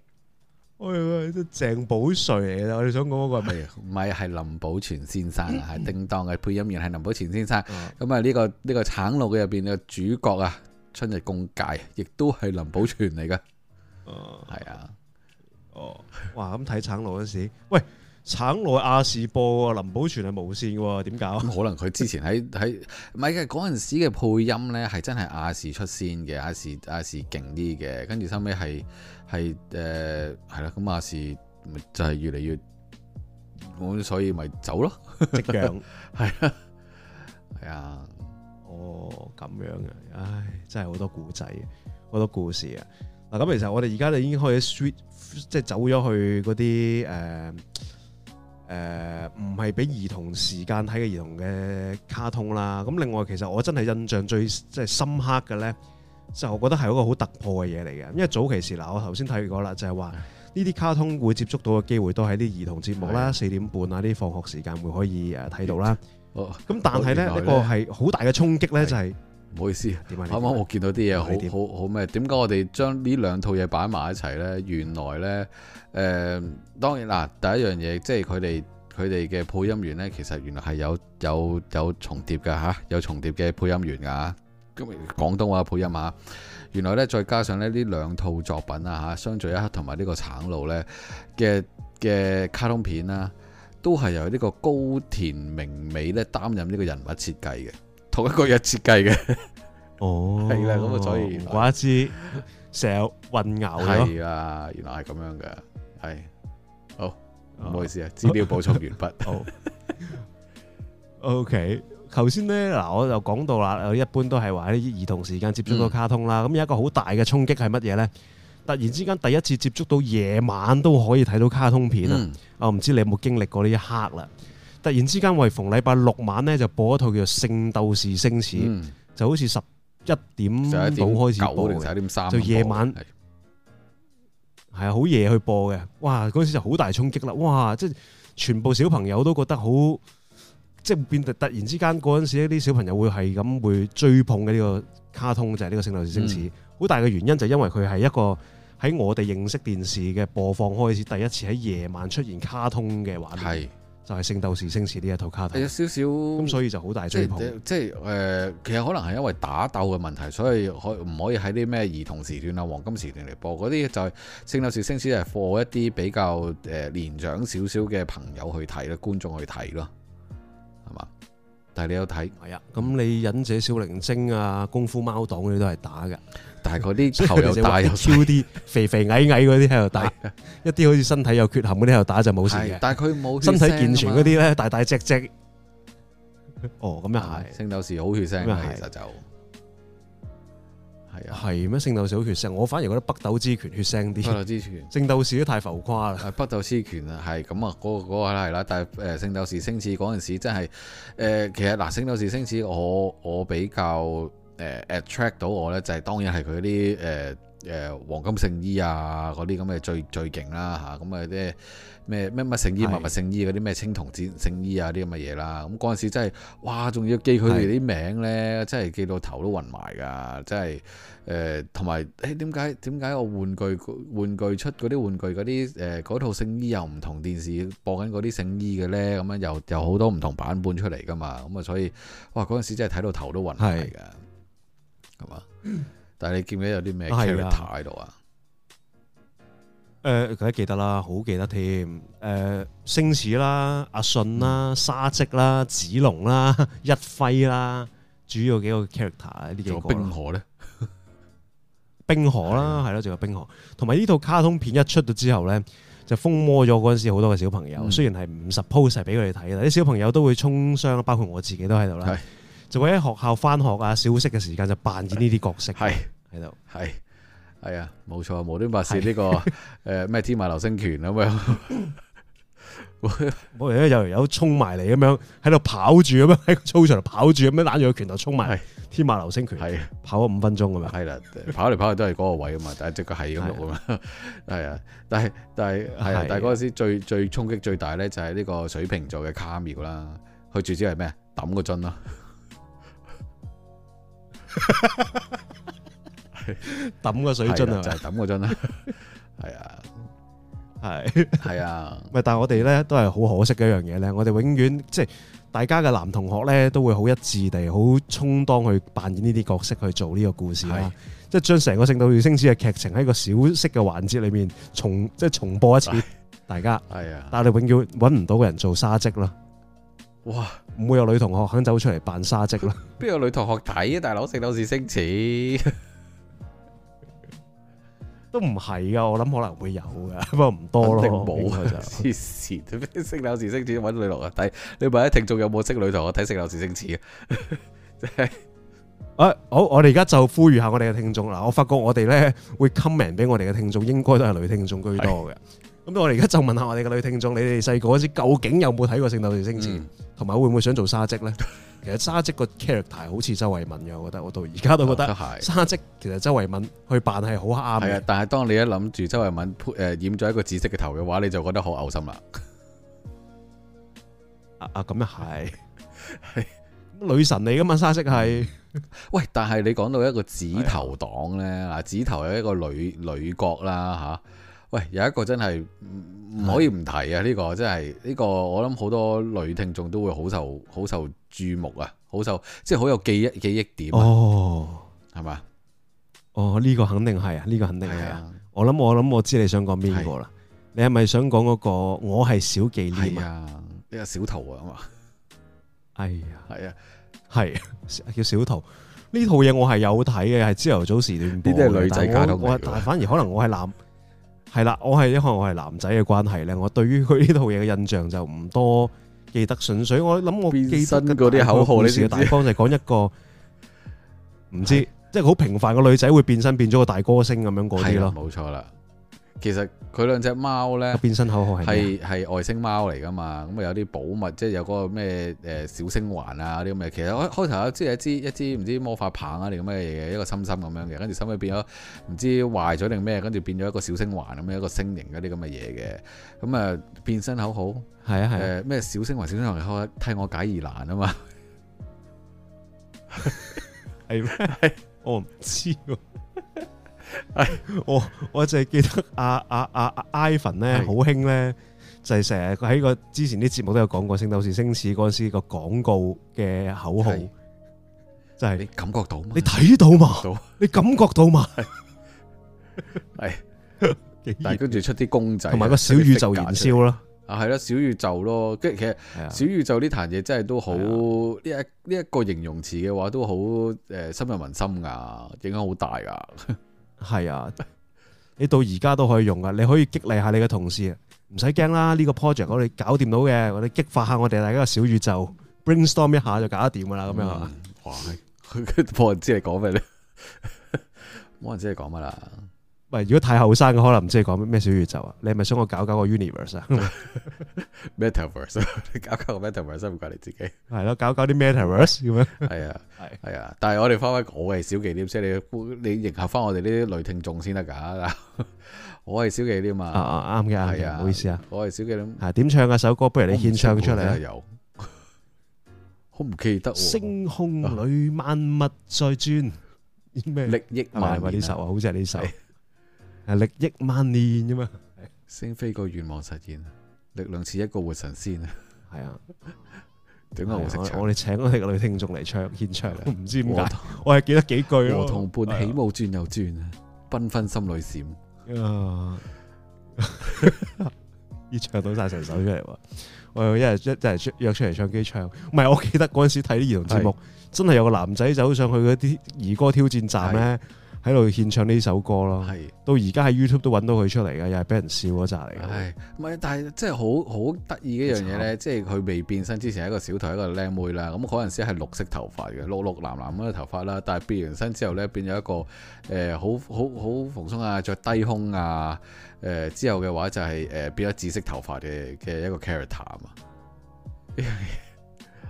喂、哎，我嘅鄭保瑞嚟啦，我哋想講嗰個係咪？唔係係林保全先生啊，係叮噹嘅配音員係林保全先生。咁啊呢個呢、這個橙路嘅入邊嘅主角啊，春日恭介，亦都係林保全嚟噶。哦，係啊。哦，哇！咁睇橙路嗰時， 喂。橙內亞視播喎，林保全係無綫喎，點搞？可能佢之前喺喺唔係嘅嗰陣時嘅配音咧，係真係亞視出先嘅，亞視亞視勁啲嘅，跟住收尾係係誒係啦，咁、呃嗯、亞視就係越嚟越，我所以咪走咯，即項、 哦、樣係啊，係啊，哦咁樣嘅，唉，真係好多古仔，好多故事啊！嗱、啊，咁其實我哋而家就已經開始即係走咗去嗰啲誒。嗯誒唔係俾兒童時間睇嘅兒童嘅卡通啦，咁另外其實我真係印象最即係深刻嘅呢，就係、我覺得係一個好突破嘅嘢嚟嘅，因為早期時嗱、呃、我頭先睇過啦，就係話呢啲卡通會接觸到嘅機會都喺啲兒童節目啦、四點半啊啲放學時間會可以誒睇到啦。咁、哦、但係呢，呢一個係好大嘅衝擊呢、就係，就係。唔好意思，啱啱何我見到啲嘢何好好咩？點解我哋將呢兩套嘢擺埋一齊呢？原來呢，誒、呃、當然嗱第一樣嘢，即係佢哋佢哋嘅配音員呢，其實原來係有有有重疊嘅嚇，有重疊嘅、啊、配音員啊，咁廣東話配音啊，原來呢，再加上咧呢兩套作品啊嚇，相聚一刻同埋呢個橙路呢嘅嘅卡通片啦、啊，都係由呢個高田明美呢擔任呢個人物設計嘅。同一個日設計嘅，哦，係啊，咁啊，所以我一次，成日 混淆咯，係啊，原來係咁樣嘅，係，好，唔好意思啊，資、oh. 料補充完畢，好，OK，頭先咧，嗱，我就講到啦，我一般都係話喺兒童時間接觸到卡通啦，咁、mm. 有一個好大嘅衝擊係乜嘢咧？突然之間第一次接觸到夜晚都可以睇到卡通片啊，mm. 我唔知你有冇經歷過呢一刻啦。突然之間，為逢禮拜六晚咧就播一套叫《聖鬥士星矢》嗯，就好似十一點到開始播，播就夜晚，係啊是，好夜去播嘅。哇！嗰陣時就好大衝擊啦！哇！即係全部小朋友都覺得好，即係變突然之間嗰陣時，一啲小朋友會係咁會追捧嘅呢個卡通，就係、是、呢個《聖鬥士星矢》嗯。好大嘅原因就係因為佢係一個喺我哋認識電視嘅播放開始第一次喺夜晚出現卡通嘅畫面。就係《聖鬥士星矢》呢一套卡通，有少少咁、嗯，所以就好大追捧。即係誒、呃，其實可能係因為打鬥嘅問題，所以可唔可以喺啲咩兒童時段啊、黃金時段嚟播？嗰啲就係《聖鬥士星矢》係 for 一啲比較誒年長少少嘅朋友去睇咯，觀眾去睇咯，係嘛？但係你有睇？係啊，咁你《忍者小靈精》啊，《功夫貓黨》嗰啲都係打㗎。但係啲頭又大又 Q 啲 肥肥矮矮嗰啲喺度打， 是的 一啲好似身體有缺陷嗰啲又打就冇事。但係佢冇身體健全嗰啲咧，大大隻隻。哦，咁樣係。聖鬥士好血腥，其實就係啊，係咩的？聖鬥士好血腥，我反而覺得北斗之拳血腥啲。北斗之拳，聖鬥士都太浮誇啦。北斗之拳啊，係咁啊，嗰、那個嗰、那個係啦，但係誒，聖鬥士星矢嗰陣時真係誒、呃，其實嗱，聖、呃、鬥士星矢我我比較。誒 attract 到我咧，就係、是、當然係佢啲誒誒黃金聖衣啊，嗰啲咁嘅最最勁啦嚇，咁啊啲咩咩乜聖衣、乜乜是的 聖衣嗰啲咩青銅戰聖衣啊啲咁嘅嘢啦，咁嗰陣時真係哇，仲要記佢哋啲名咧，是的 真係記到頭都暈埋噶。真係誒同埋誒點解點解我玩具玩具出嗰啲玩具嗰啲誒嗰套聖衣又唔同電視播緊嗰啲聖衣嘅咧，咁樣又又好多唔同版本出嚟噶嘛，咁啊所以哇嗰陣時真係睇到頭都暈埋噶的。的係嘛？但係你記唔記得有啲咩 character 喺度啊？誒，佢都、呃、記得啦，好記得添。誒、呃，星矢啦，阿信啦，沙織啦，紫龍啦，一輝啦，主要幾個 character 呢幾個。仲有冰河咧？冰河啦，係咯， 仲有冰河。同埋呢套卡通片一出咗之後咧，就瘋魔咗嗰陣時好多嘅小朋友。嗯、雖然係唔 suppose 係俾佢哋睇啦，啲小朋友都會冲傷，包括我自己都喺度啦。的就會喺學校翻學啊，小息嘅時間就扮演呢啲角色。係喺度，係係啊，冇錯，無端白事呢個，誒咩？天馬流星拳咁是樣，我人咧又有衝埋嚟，咁樣喺度跑住咁樣喺個操場度跑住咁樣攬住個拳頭衝埋。天馬流星拳係跑咗五分鐘咁樣。係啦，跑嚟跑去都係嗰個位啊嘛，但係隻腳係咁碌啊嘛。係啊的， 但係的但係係但係嗰陣時最最衝擊最，最大咧就係呢個水瓶座嘅卡妙啦。佢最主要係咩？抌個樽咯。抌 個水樽係就係、是、抌個樽啦， 係啊，係係啊。唔 但係我哋咧都係好可惜嘅一樣嘢咧。我哋永遠即係大家嘅男同學咧，都會好一致地好充當去扮演呢啲角色去做呢個故事啦。的的即係將成個《聖鬥士星矢》嘅劇情喺個小息嘅環節裏面重即係重播一次，的大家係啊。的但係你永遠揾唔到個人做沙織啦。哇！唔會有女同學肯走出嚟扮沙織啦？邊 有女同學睇啊？大佬聖鬥士星矢 都唔係噶，我諗可能會有噶，不過唔多咯，冇啊！黐線，聖鬥士星矢揾女落啊？睇你問下聽眾有冇識女同學睇聖鬥士星矢嘅？ 啊好，我哋而家就呼籲下我哋嘅聽眾啦。我發覺我哋咧會 comment 俾我哋嘅聽眾，應該都係女聽眾居多嘅。咁我哋而家就問下我哋嘅女聽眾，你哋細個嗰時究竟有冇睇過《聖鬥士星矢》？同埋、嗯、會唔會想做沙織呢？ 其實沙織個 character 好似周慧敏嘅，我覺得我到而家都覺得，沙織其實周慧敏去扮係好啱嘅。但係當你一諗住周慧敏，染咗一個紫色嘅頭嘅話，你就覺得好嘔心啦、 啊。啊咁又係，係 女神嚟噶嘛？沙織係， 喂，但係你講到一個紫頭黨呢，嗱、哎呀，紫頭有一個女女角啦，吓、啊。喂，有一個真係唔可以唔提啊！呢個真係呢個，這個、我諗好多女聽眾都會好受、好受注目啊，好受，即係好有記憶記憶點、啊。哦，吧哦，係嘛？哦，呢個肯定係啊，呢、這個肯定係啊！我諗我諗，我知你想講邊個啦？你係咪想講嗰個我係小忌廉？啊，呢個小桃」啊嘛？哎呀是的，係啊，係叫小桃。呢套嘢，我係有睇嘅，係朝頭早時段播，啲係女仔搞到，但係反而可能我係男。 係啦，我係因為我係男仔嘅關係咧，我對於佢呢套嘢嘅印象就唔多純記得純粹。我諗我變身嗰啲口號你唔知大方就講一個，唔知，知 即係好平凡嘅女仔會變身變咗個大歌星咁樣嗰啲咯。冇錯啦。其實佢兩隻貓咧，變身口號係係外星貓嚟噶嘛？咁啊有啲寶物，即係有嗰個咩誒小星環啊啲咁嘅。其實開開頭有只有一支一支唔知魔法棒啊定咩嘢嘢，一個心心咁樣嘅，跟住後尾變咗唔知壞咗定咩？跟住變咗一個小星環咁樣一個星形嗰啲咁嘅嘢嘅。咁啊，變身口號係啊係誒咩小星環小星環開替我解疑難嘛 啊嘛係咩我唔知喎。 我我淨係記得阿阿阿 Ivan 咧，好興咧，就係成日喺個之前啲節目都有講過《聖鬥士星矢》嗰時個廣告嘅口號，就係你感覺到，你睇到嘛？你感覺到嘛？係，但係跟住出啲公仔，同埋個小宇宙燃燒啦，啊係啦，小宇宙咯，跟住其實小宇宙呢壇嘢，真係都好呢一呢一個形容詞嘅話都好誒，深入民心㗎，影響好大噶。係啊，你到而家都可以用噶，你可以激勵下你嘅同事，唔使驚啦，呢個 project 我哋搞掂到嘅，我哋激發下我哋大家嘅小宇宙，brainstorm 一下就搞得掂噶啦，咁、嗯、樣啊？冇哇 人知你講咩咧，冇人知你講乜啦。唔係，如果太後生嘅可能唔知你講咩小宇宙啊？你係咪想我搞搞個 universe 啊？metaverse，搞搞個 metaverse 唔怪你自己。係咯，搞搞啲 metaverse 咁樣。係啊，係係啊。但係我哋翻返講嘅小忌廉，即係你你迎合翻我哋呢啲女聽眾先得噶。我係小忌廉嘛。啊啊，啱嘅，係啊，唔好意思啊。我係小忌廉。係點唱啊首歌？不如你獻唱出嚟。有。好唔記得？星空裏萬物在轉，咩利益？唔係唔係呢首啊？好似係呢首。係歷億萬年啫嘛，星飛過願望實現，力量似一個活神仙啊！係啊， 點解我我哋請咗你個女聽眾嚟唱獻唱啊？唔的知點解，童我係記得幾句啊！荷同伴起舞轉又轉，繽紛、哎、呀心裏閃啊！要 唱到晒成首出嚟， 我又一日一真係約出嚟唱機唱，唔係我記得嗰陣時睇啲兒童節目，的真係有個男仔走上去嗰啲兒歌挑戰站咧。的喺度獻唱呢首歌咯，是到而家喺 YouTube 都揾到佢出嚟嘅，又係俾人笑嗰扎嚟嘅。係，唔係？但係即係好好得意嘅一樣嘢呢，即係佢未變身之前係一個小台一個靚妹啦。咁嗰陣時係綠色頭髮嘅，綠綠藍藍咁嘅頭髮啦。但係變完身之後呢，變咗一個誒好好好蓬鬆啊，着低胸啊，誒、呃、之後嘅話就係誒變咗紫色頭髮嘅嘅一個 character 啊嘛。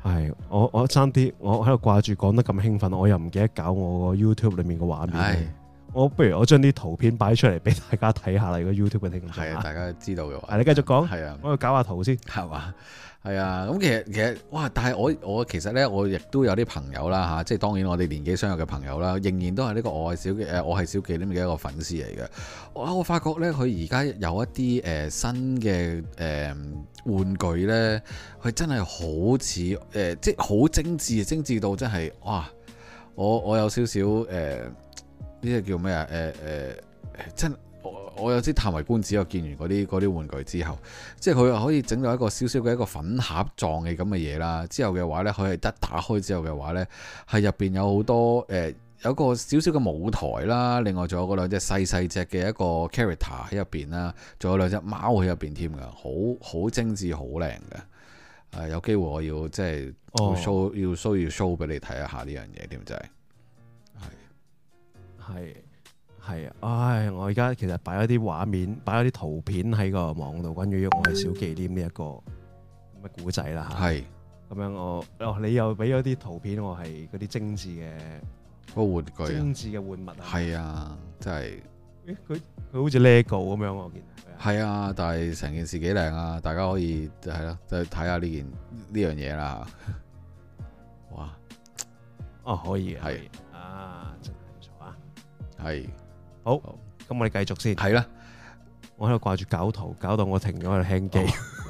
係，我我爭啲，我喺度掛住講得咁興奮，我又唔記得搞我個 YouTube 裏面個畫面。的我不如我將啲圖片擺出嚟俾大家睇下啦。如果 YouTube 嘅聽眾，係大家知道嘅。你繼續講。係啊的，我要搞下圖先。係嘛。係啊，咁其實其實哇，但係我我其實咧，我亦都有啲朋友啦嚇、啊，即係當然我哋年紀相若嘅朋友啦，仍然都係呢個我係小忌廉嘅誒，我係小忌廉呢邊嘅一個粉絲嚟嘅。我我發覺咧，佢而家有一啲誒、呃、新嘅誒、呃、玩具咧，佢真係好似誒，即係好精緻，精緻到真係哇！我我有少少誒，呢、呃、啲、這個、叫咩啊？誒、呃、誒、呃、真。我有啲嘆為觀止，我見完嗰啲啲玩具之後，即係佢可以整到一個小小嘅一個粉盒狀嘅咁嘅嘢啦。之後嘅話呢，佢係一打開之後嘅話呢，係入邊有好多誒、呃，有個小小嘅舞台啦。另外仲有嗰兩隻細細隻嘅一個 character 喺入邊啦，仲有兩隻貓喺入邊添噶，好好精緻，好靚嘅。誒、呃，有機會我要即係、哦、show 要 show 要 show 俾你睇一下呢樣嘢，添，真係係係。係啊，唉，我而家其實擺咗啲畫面，擺咗啲圖片喺個網度，關於我係小忌廉呢一個咁嘅古仔啦吓。係是，咁樣我，哦，你又俾咗啲圖片，我係嗰啲精緻嘅個玩具、啊，精緻嘅玩物啊。係啊，真係是，佢佢、欸、好似 LEGO 咁樣，我見係啊，但係成件事幾靚啊，大家可以就係咯，就睇下呢件呢樣嘢啦。哇，哦，可以係是啊，真係唔錯啊，係是。好，咁我哋繼續先。係啦的，我喺度掛住搞圖，搞到我停咗喺度輕機。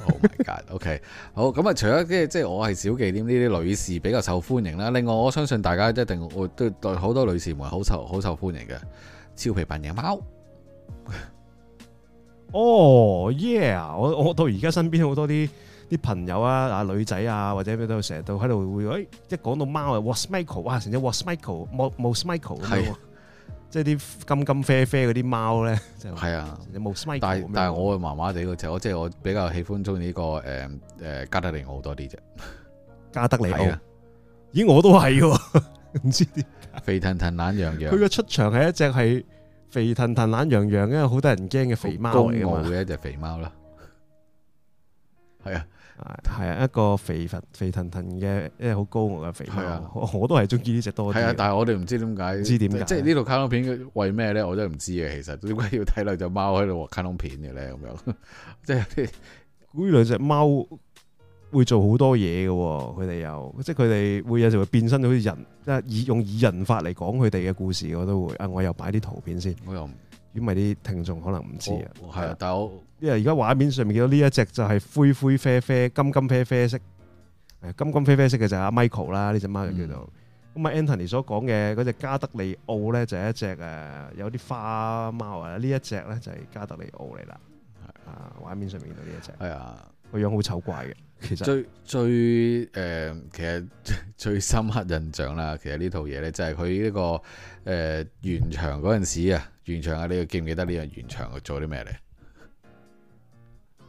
Oh, oh my god！OK，okay. 好，咁啊，除咗即係即係我係小忌廉呢啲女士比較受歡迎啦。另外，我相信大家一定會都對好多女士們好受好受歡迎嘅超皮扮嘅貓。哦 h、oh, yeah！我我到而家身邊好多啲啲朋友啊，啊女仔啊，或者咩都成日都喺度，誒、哎，一講到貓啊，What's Michael，哇，成隻 What's Michael，冇冇 Michael 咁即係啲金金啡啡嗰啲貓咧，係啊，有冇但？但係但係我麻麻地嘅我即係我比較喜歡中意呢個誒誒加德利奧好多啲啫，加德利奧啊！咦，我都係嘅，唔 知啲肥騰騰懶洋洋，佢嘅出場係一隻係肥騰騰懶洋洋，因為好多人驚嘅肥貓嚟噶嘛？我會一隻肥貓啦，係 啊。係啊，一個肥肥騰騰嘅，即係好高傲嘅肥貓，啊、我都係中意呢隻多啲。係啊，但係我哋唔知點解，知點解，即係呢度卡通片為咩咧？我真係唔知嘅。其實點解要睇兩隻貓喺度卡通片嘅咧？咁樣，即係，估計兩隻貓會做好多嘢嘅。佢哋又，即係佢哋會有時會變身到好似人，即係以用以，以人法嚟講佢哋嘅故事。我都會啊！我又擺啲圖片先。我又。咁咪啲聽眾可能唔知啊，係啊、哦哦，但係我因為而家畫面上面見到呢一隻就係灰灰啡啡、金金啡啡色，誒金金啡啡色嘅就係阿 Michael 啦，呢隻貓就叫做咁啊。嗯、Anthony 所講嘅嗰隻加德利奧咧，就係一隻誒有啲花貓啊，呢一隻咧就係加德利奧嚟啦，係啊的，畫面上面見到呢一隻，係啊。個樣好醜怪嘅，其實最最誒、呃，其實最，最深刻印象啦。其實套呢套嘢咧，就係佢呢個誒原、呃、場嗰陣時啊，原場啊，你記唔記得呢個原場做啲咩咧？誒、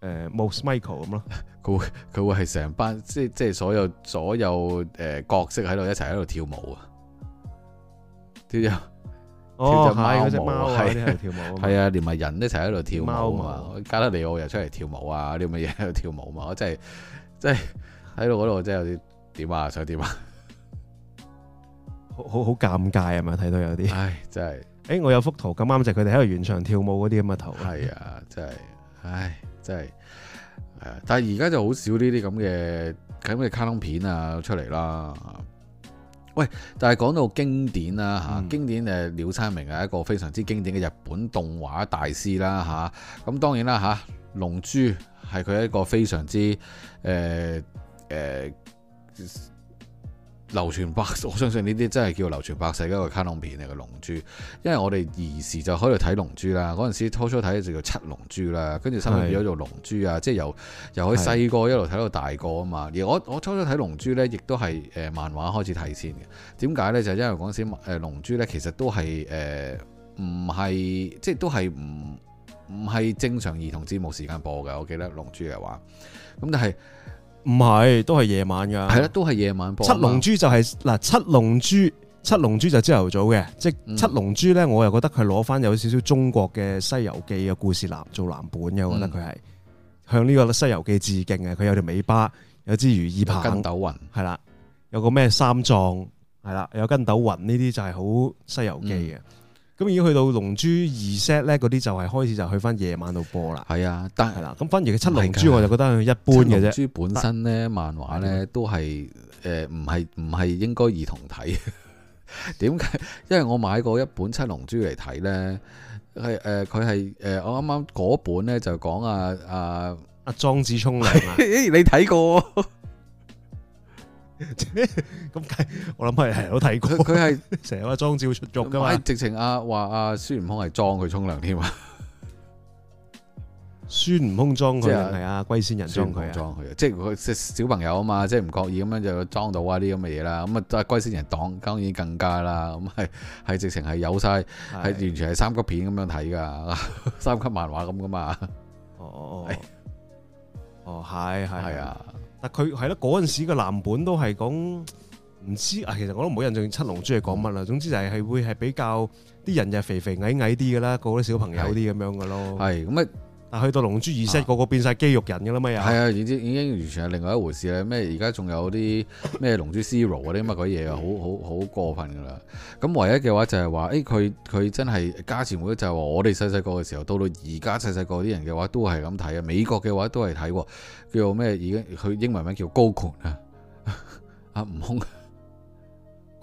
呃、 ，Most Michael 咁咯，佢佢會係成班即即係所有所有誒、呃、角色喺度一齊喺度跳舞啊，跳跳哦，係嗰隻貓啊，係跳舞，係啊，連埋人一齊喺度跳舞啊，加得利奧又出嚟跳舞啊，啲咁嘅嘢喺度跳舞嘛，我真係真係喺度嗰度真係有啲點啊，想點啊，好好好尷尬啊嘛，睇到有啲，唉，真係，誒、欸，我有幅圖咁啱就佢哋喺度原場跳舞嗰啲咁嘅圖，係啊，真係，唉，真係，係啊，但係而家就好少呢啲咁嘅咁嘅卡通片啊出嚟啦。喂，但係講到經典啦嚇、啊，經典誒鳥山明係一個非常之經典嘅日本動畫大師啦嚇，咁、啊嗯、當然啦嚇，啊《龍珠》係佢一個非常之誒誒。呃呃流傳百，我相信呢啲真係叫流傳百世嘅一個卡通片嚟嘅《龍珠》，因為我哋兒時就喺度睇《龍珠》啦。嗰陣時初初睇就叫《七龍珠》啦，跟住後尾變咗做《龍珠》啊是的，即係由由佢細個一路睇到大個啊嘛。而我我初初睇《龍珠》呢，亦都係誒漫畫開始睇先嘅。點解呢？就係因為嗰陣時誒《龍珠》呢，其實都係誒唔係即係都係唔唔係正常兒童節目時間播嘅。我記得《龍珠》嘅話，咁但係。唔係，都係夜晚㗎。係啦，都係夜晚播，就是。七龍珠就係嗱，七龍珠七龍珠就朝頭早嘅，即係七龍珠呢，我又覺得佢攞翻有少少中國嘅《西遊記》嘅故事藍做藍本嘅，我覺得佢係向呢個《西遊記》致敬嘅。佢有條尾巴，有支如意棒，有筋斗雲係啦，有個咩三藏係啦，有筋斗雲呢啲就係好《西遊記》嘅。咁已經去到龍珠二 set 咧，嗰啲就係開始就去翻夜晚度播啦。係啊，得啦。咁、啊、反而嘅七龍珠我就覺得佢一般嘅啫。七龍珠本身咧，漫畫咧都係誒，唔係唔係應該兒童睇。點 解？因為我買過一本七龍珠嚟睇咧，係誒，佢係誒，我啱啱嗰本咧就講啊啊阿莊子沖涼、啊。啦， 你睇過。咁計，我諗係係我睇過，佢係成日話裝照出肉，噶嘛，直情阿話阿孫悟空係裝佢沖涼添嘛。孫悟空裝佢定係阿龜仙人裝佢啊？即係小朋友啊嘛，嗯、即係唔覺意咁樣就裝到啊啲咁嘅嘢啦。咁啊，阿龜仙人擋，當然更加啦。咁係係直情係有晒，係完全係三級片咁樣睇噶，的 三級漫畫咁噶嘛。哦哦的哦，的哦係係係啊！但佢係咯，嗰陣時個藍本都係講唔知啊，其實我都冇印象《七龍珠》係講乜啦。總之就係係會係比較啲人就肥肥矮矮啲噶啦，個啲小朋友啲咁樣嘅咯。係咁啊。去到龍珠二世，個個變晒肌肉人噶啦嘛又，係啊，啊，已經已經完全係另外一回事啦。咩而家仲有啲咩龍珠 Zero 嗰啲嘛，嗰嘢又好好好過分噶啦。咁唯一嘅話就係話，誒佢佢真係家傳會就係話，我哋細細個嘅時候，到到而家細細個啲人嘅話，都係咁睇啊。美國嘅話都係睇，叫做咩？已經佢英文名叫高權啊，阿、啊、悟空。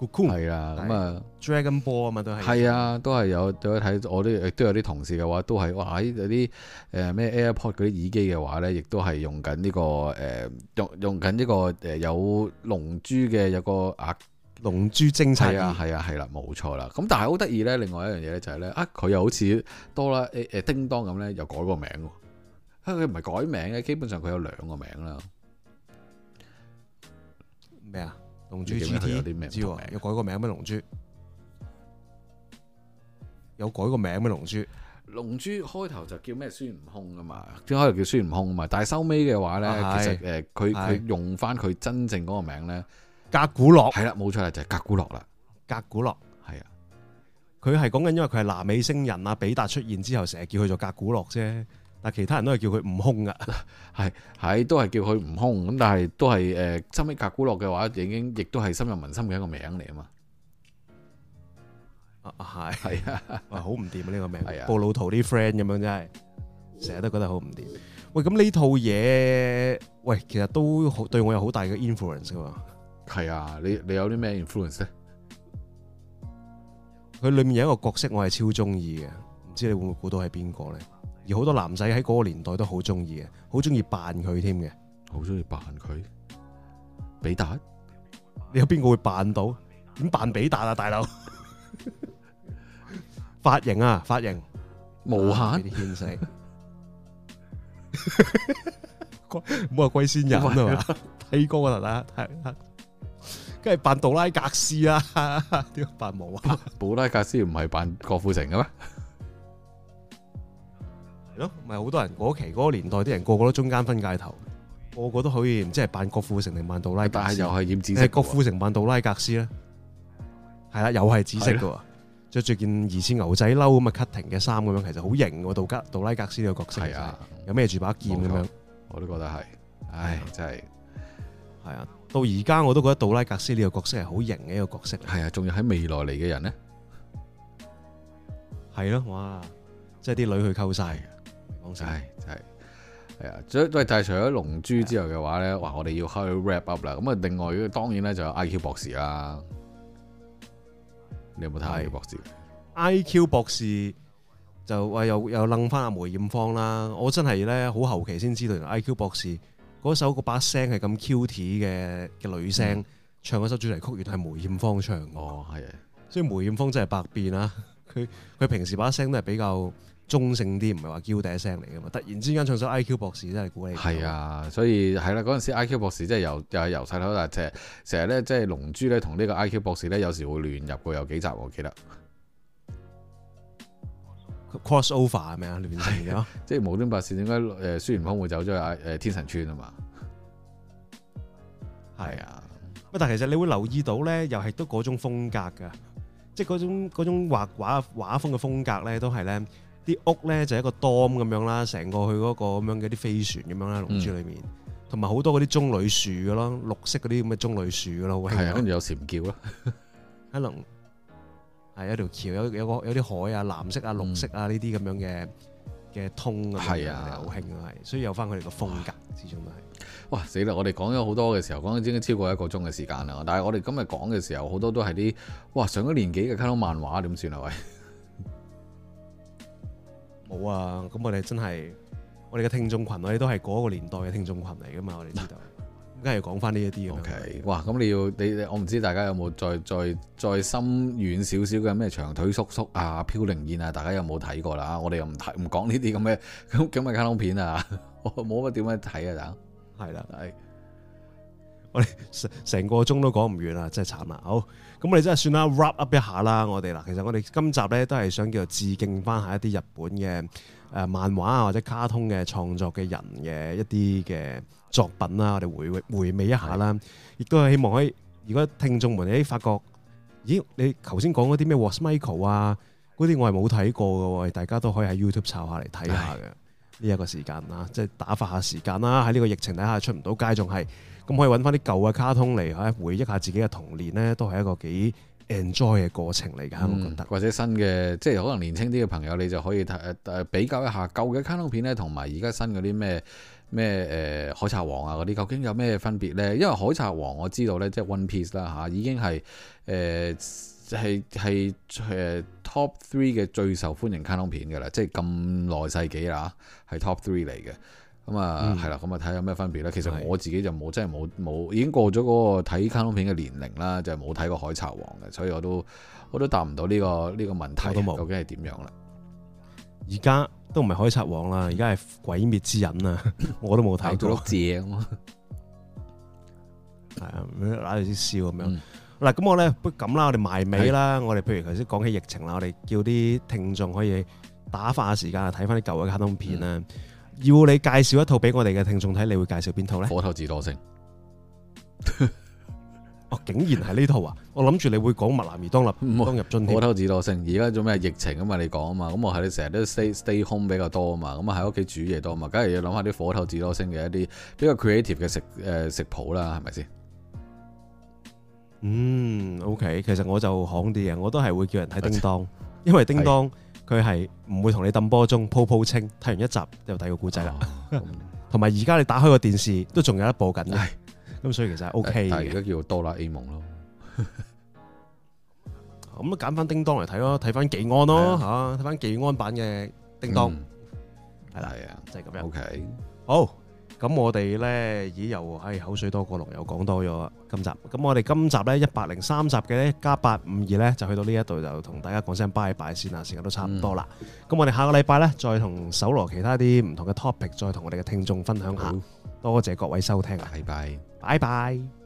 係啦，咁啊，Dragon Ball 啊嘛都係，係啊，都係有，都睇我啲亦都有啲同事嘅話，都係哇喺有啲誒咩 AirPod 嗰啲耳機嘅話咧，亦都係用緊呢、這個誒、呃、用、這個呃、用緊呢、這個誒、呃、有龍珠嘅有個啊龍珠精察，啊係啊係啦，冇錯啦。咁但係好得意咧，另外一樣嘢咧就係、是、咧啊，佢又好似多啦誒誒叮當咁咧，又改個名，佢唔係改名嘅，基本上佢有兩個名啦。咩啊？龍珠有啲名唔知、啊，有改個名咩？龍珠有改個名咩？龍珠龍珠開頭就叫咩？孫悟空啊嘛，即開頭叫孫悟空啊嘛，但係收尾嘅話咧，啊、其實誒，佢佢是、呃、用翻佢真正嗰個名咧，的格古洛係啦，冇錯啦，就係、是、格古洛啦，格古洛係啊。佢係講緊，因為佢係南美星人啊。比達出現之後，成日叫佢做格古洛啫。但其他人都係叫佢悟空噶，係喺 都係叫佢悟空咁，但係都係誒，收、呃、尾格古樂嘅話，已經亦都係深入民心嘅一個名嚟啊嘛。啊，係，係啊，哇，好唔掂啊！呢個名，啊、布魯圖啲 friend 咁樣真係，成日都覺得好唔掂。喂，咁呢套嘢，喂，其實都好對我有好大嘅 influence 噶嘛。係啊，你你有啲咩 influence 咧？佢裏面有一個角色我，我係超中意嘅，唔知你會唔會估到係邊個咧？而好多男仔喺嗰個年代都好中意嘅，好中意扮佢添嘅，好中意扮佢。比達，你有邊個會扮到？點扮比達啊，大佬？發 型啊，髮型，髮型，無限。你獻死。唔好話龜仙人啊，飛哥嗱嗱係，跟住扮杜拉格斯啦，點扮毛啊？杜拉格斯唔係扮郭富城嘅咩？ 係咯，咪好多人嗰期嗰個年代啲人，個個都中間分界頭，個個都可以唔知係扮郭富城定扮杜拉格斯，但係又係染紫色。郭富城扮杜拉格斯咧，係啦，又係紫色噶，的着住件疑似牛仔褸咁嘅 cutting 嘅衫咁樣，其實好型喎。杜拉格斯呢個角色，係啊的，有咩住把劍咁樣，我都覺得係，唉，真係，係啊，到而家我都覺得杜拉格斯呢個角色係好型嘅一個角色，係啊，仲要喺未來嚟嘅人呢？係咯，哇，即係啲女去溝晒。好正，真係係啊！哎就是、但除咗但係除咗《龍珠》之後嘅話咧，哎、呀哇！我哋要開 wrap up 啦。咁啊，另外當然咧就有 I Q 博士啦。你有冇睇 I Q 博士是？I Q 博士、er, 就話又又掹返阿梅艷芳啦。我真係咧好後期先知道原來，I Q 博士嗰首個把聲係咁 cute 嘅嘅女聲，嗯、唱嗰首主題曲原係梅艷芳唱嘅，係、哦。所以梅艷芳真係百變啦、啊。佢 佢平時把聲都係比較，中性啲，唔係話嬌嗲聲嚟嘅嘛。突然之間唱首《I.Q. 博士》真係鼓勵。係啊，所以係啦。嗰陣、啊、時《I.Q. 博士》由真係又又係由細到大成成日咧，即係、就是《龍珠》咧同呢個《I.Q. 博士》咧，有時會亂入過有幾集，我記得。Cross over 係咪啊？亂入嘅即係無端白事點解？誒，孫悟空會走咗去誒天神村 啊？嘛係啊。喂，但其實你會留意到咧，又係都嗰種風格嘅，即係嗰種嗰種，種畫畫，畫風嘅風格咧，都係咧。啲屋咧就係一個 dorm 咁樣啦，成個去嗰個咁樣嘅啲飛船咁樣啦，龍珠裡面，同埋好多嗰啲棕櫚樹噶咯，綠色嗰啲咁嘅棕櫚樹噶咯，好興。跟住有蟬叫咯，可能係有條橋，有有個有啲海啊，藍色啊，綠色啊呢啲咁樣嘅嘅通啊，係啊，好興啊，係，所以有翻佢哋個風格，哇始終都係。哇死啦！我哋講咗好多嘅時候，講咗已經超過一個鐘嘅時，時間啦。但係我哋今日講嘅時候，好多都係啲哇上咗年紀嘅卡通漫畫點算啊？喂！好啊，咁我哋真係我哋嘅聽眾群，我哋都係嗰個年代嘅聽眾群嚟噶嘛，我哋知道，咁梗係要講翻呢一啲 OK，是是哇，咁你要你我唔知大家有冇再再再深遠少少嘅咩長腿叔叔啊、飄零燕啊，大家有冇睇過啦，啊？我哋又唔睇唔講呢啲咁嘅咁咁嘅卡通片啊， 我冇乜點樣睇啊，就係啦，係的但係我哋成成個鐘都講唔完啊，真係慘啊，好。咁我哋真係算啦，wrap up 一下啦，我哋啦，其實我哋今集咧都係想叫做致敬翻下一啲日本嘅誒漫畫啊或者卡通嘅創作嘅人嘅一啲嘅作品啦，我哋回回味一下啦，亦是的 都係希望可以如果聽眾們你發覺，咦你頭先講嗰啲咩 What’s Michael 啊嗰啲我係冇睇過嘅喎，大家都可以喺 YouTube 抄下嚟睇下嘅呢一個時間啦，即係打發下時間啦，喺呢個疫情底下出唔到街仲係。咁可以揾翻啲舊嘅卡通嚟嚇，回憶下自己嘅童年咧，都係一個幾 enjoy 嘅過程嚟嘅，我覺得。或者新嘅，即係可能年輕啲嘅朋友，你就可以睇誒比較一下舊嘅卡通片呢，同埋而家新嗰啲咩咩誒海賊王啊嗰啲，究竟有咩分別呢？因為海賊王我知道呢，即係 One Piece 啦嚇，已經係誒係係 top three 嘅最受歡迎卡通片嘅啦，即係咁耐世紀啦，係 top three 嚟嘅。咁啊，係啦、嗯，咁啊睇下有咩分別咧？嗯嗯、其實我自己就冇真係冇冇，嗯、已經過咗嗰個睇卡通片嘅年齡啦，就冇睇過《海賊王》嘅，所以我都我都答唔到呢個呢個問題。都究竟係點樣啦？而家都唔係《海賊王》啦，而家係《鬼滅之刃》 啊！我都冇睇。做乜嘢？係啊，笑咁樣。嗱、嗯，咁我咧不咁啦，我哋埋尾啦。的我哋譬如頭先講起疫情啦，我哋叫啲聽眾可以打發時間睇翻啲舊嘅卡通片啦。嗯要你介紹一套俾我哋嘅聽眾睇，你會介紹邊套咧？火頭子多星， 哦，竟然係呢套啊！ 我諗住你會講男兒當入，是當入樽。火頭子多星，而家做咩疫情啊嘛？你講啊嘛？咁我係你成日都 stay stay home 比較多啊嘛？咁啊喺屋企煮嘢多啊嘛？梗係要諗下啲火頭子多星嘅一啲比較 creative 嘅食誒食譜啦，係咪先？嗯，OK，其實我就行啲嘢，我都係會叫人睇叮當，因為叮當。佢係唔會同你揼波鐘鋪鋪清，睇完一集又睇個故仔啦。同埋而家你打開個電視都仲有得播緊，咁所以其實 O K。但係而家叫做哆啦 A 夢咯。咁都揀翻叮當嚟睇咯，睇翻技安咯嚇，睇翻技安版嘅叮當，係啦，係呀，就係咁樣。O K，好。咁我哋呢，已又係、哎、口水多過龍，又講多咗。今集，咁我哋今集呢，一百零三集嘅呢，一家八五二呢，就去到呢一度就同大家講聲拜拜先啦，時間都差唔多啦。咁、嗯、我哋下個禮拜呢，再同搜羅其他啲唔同嘅 topic，再同我哋嘅聽眾分享下。嗯、多謝各位收聽，拜拜，拜拜。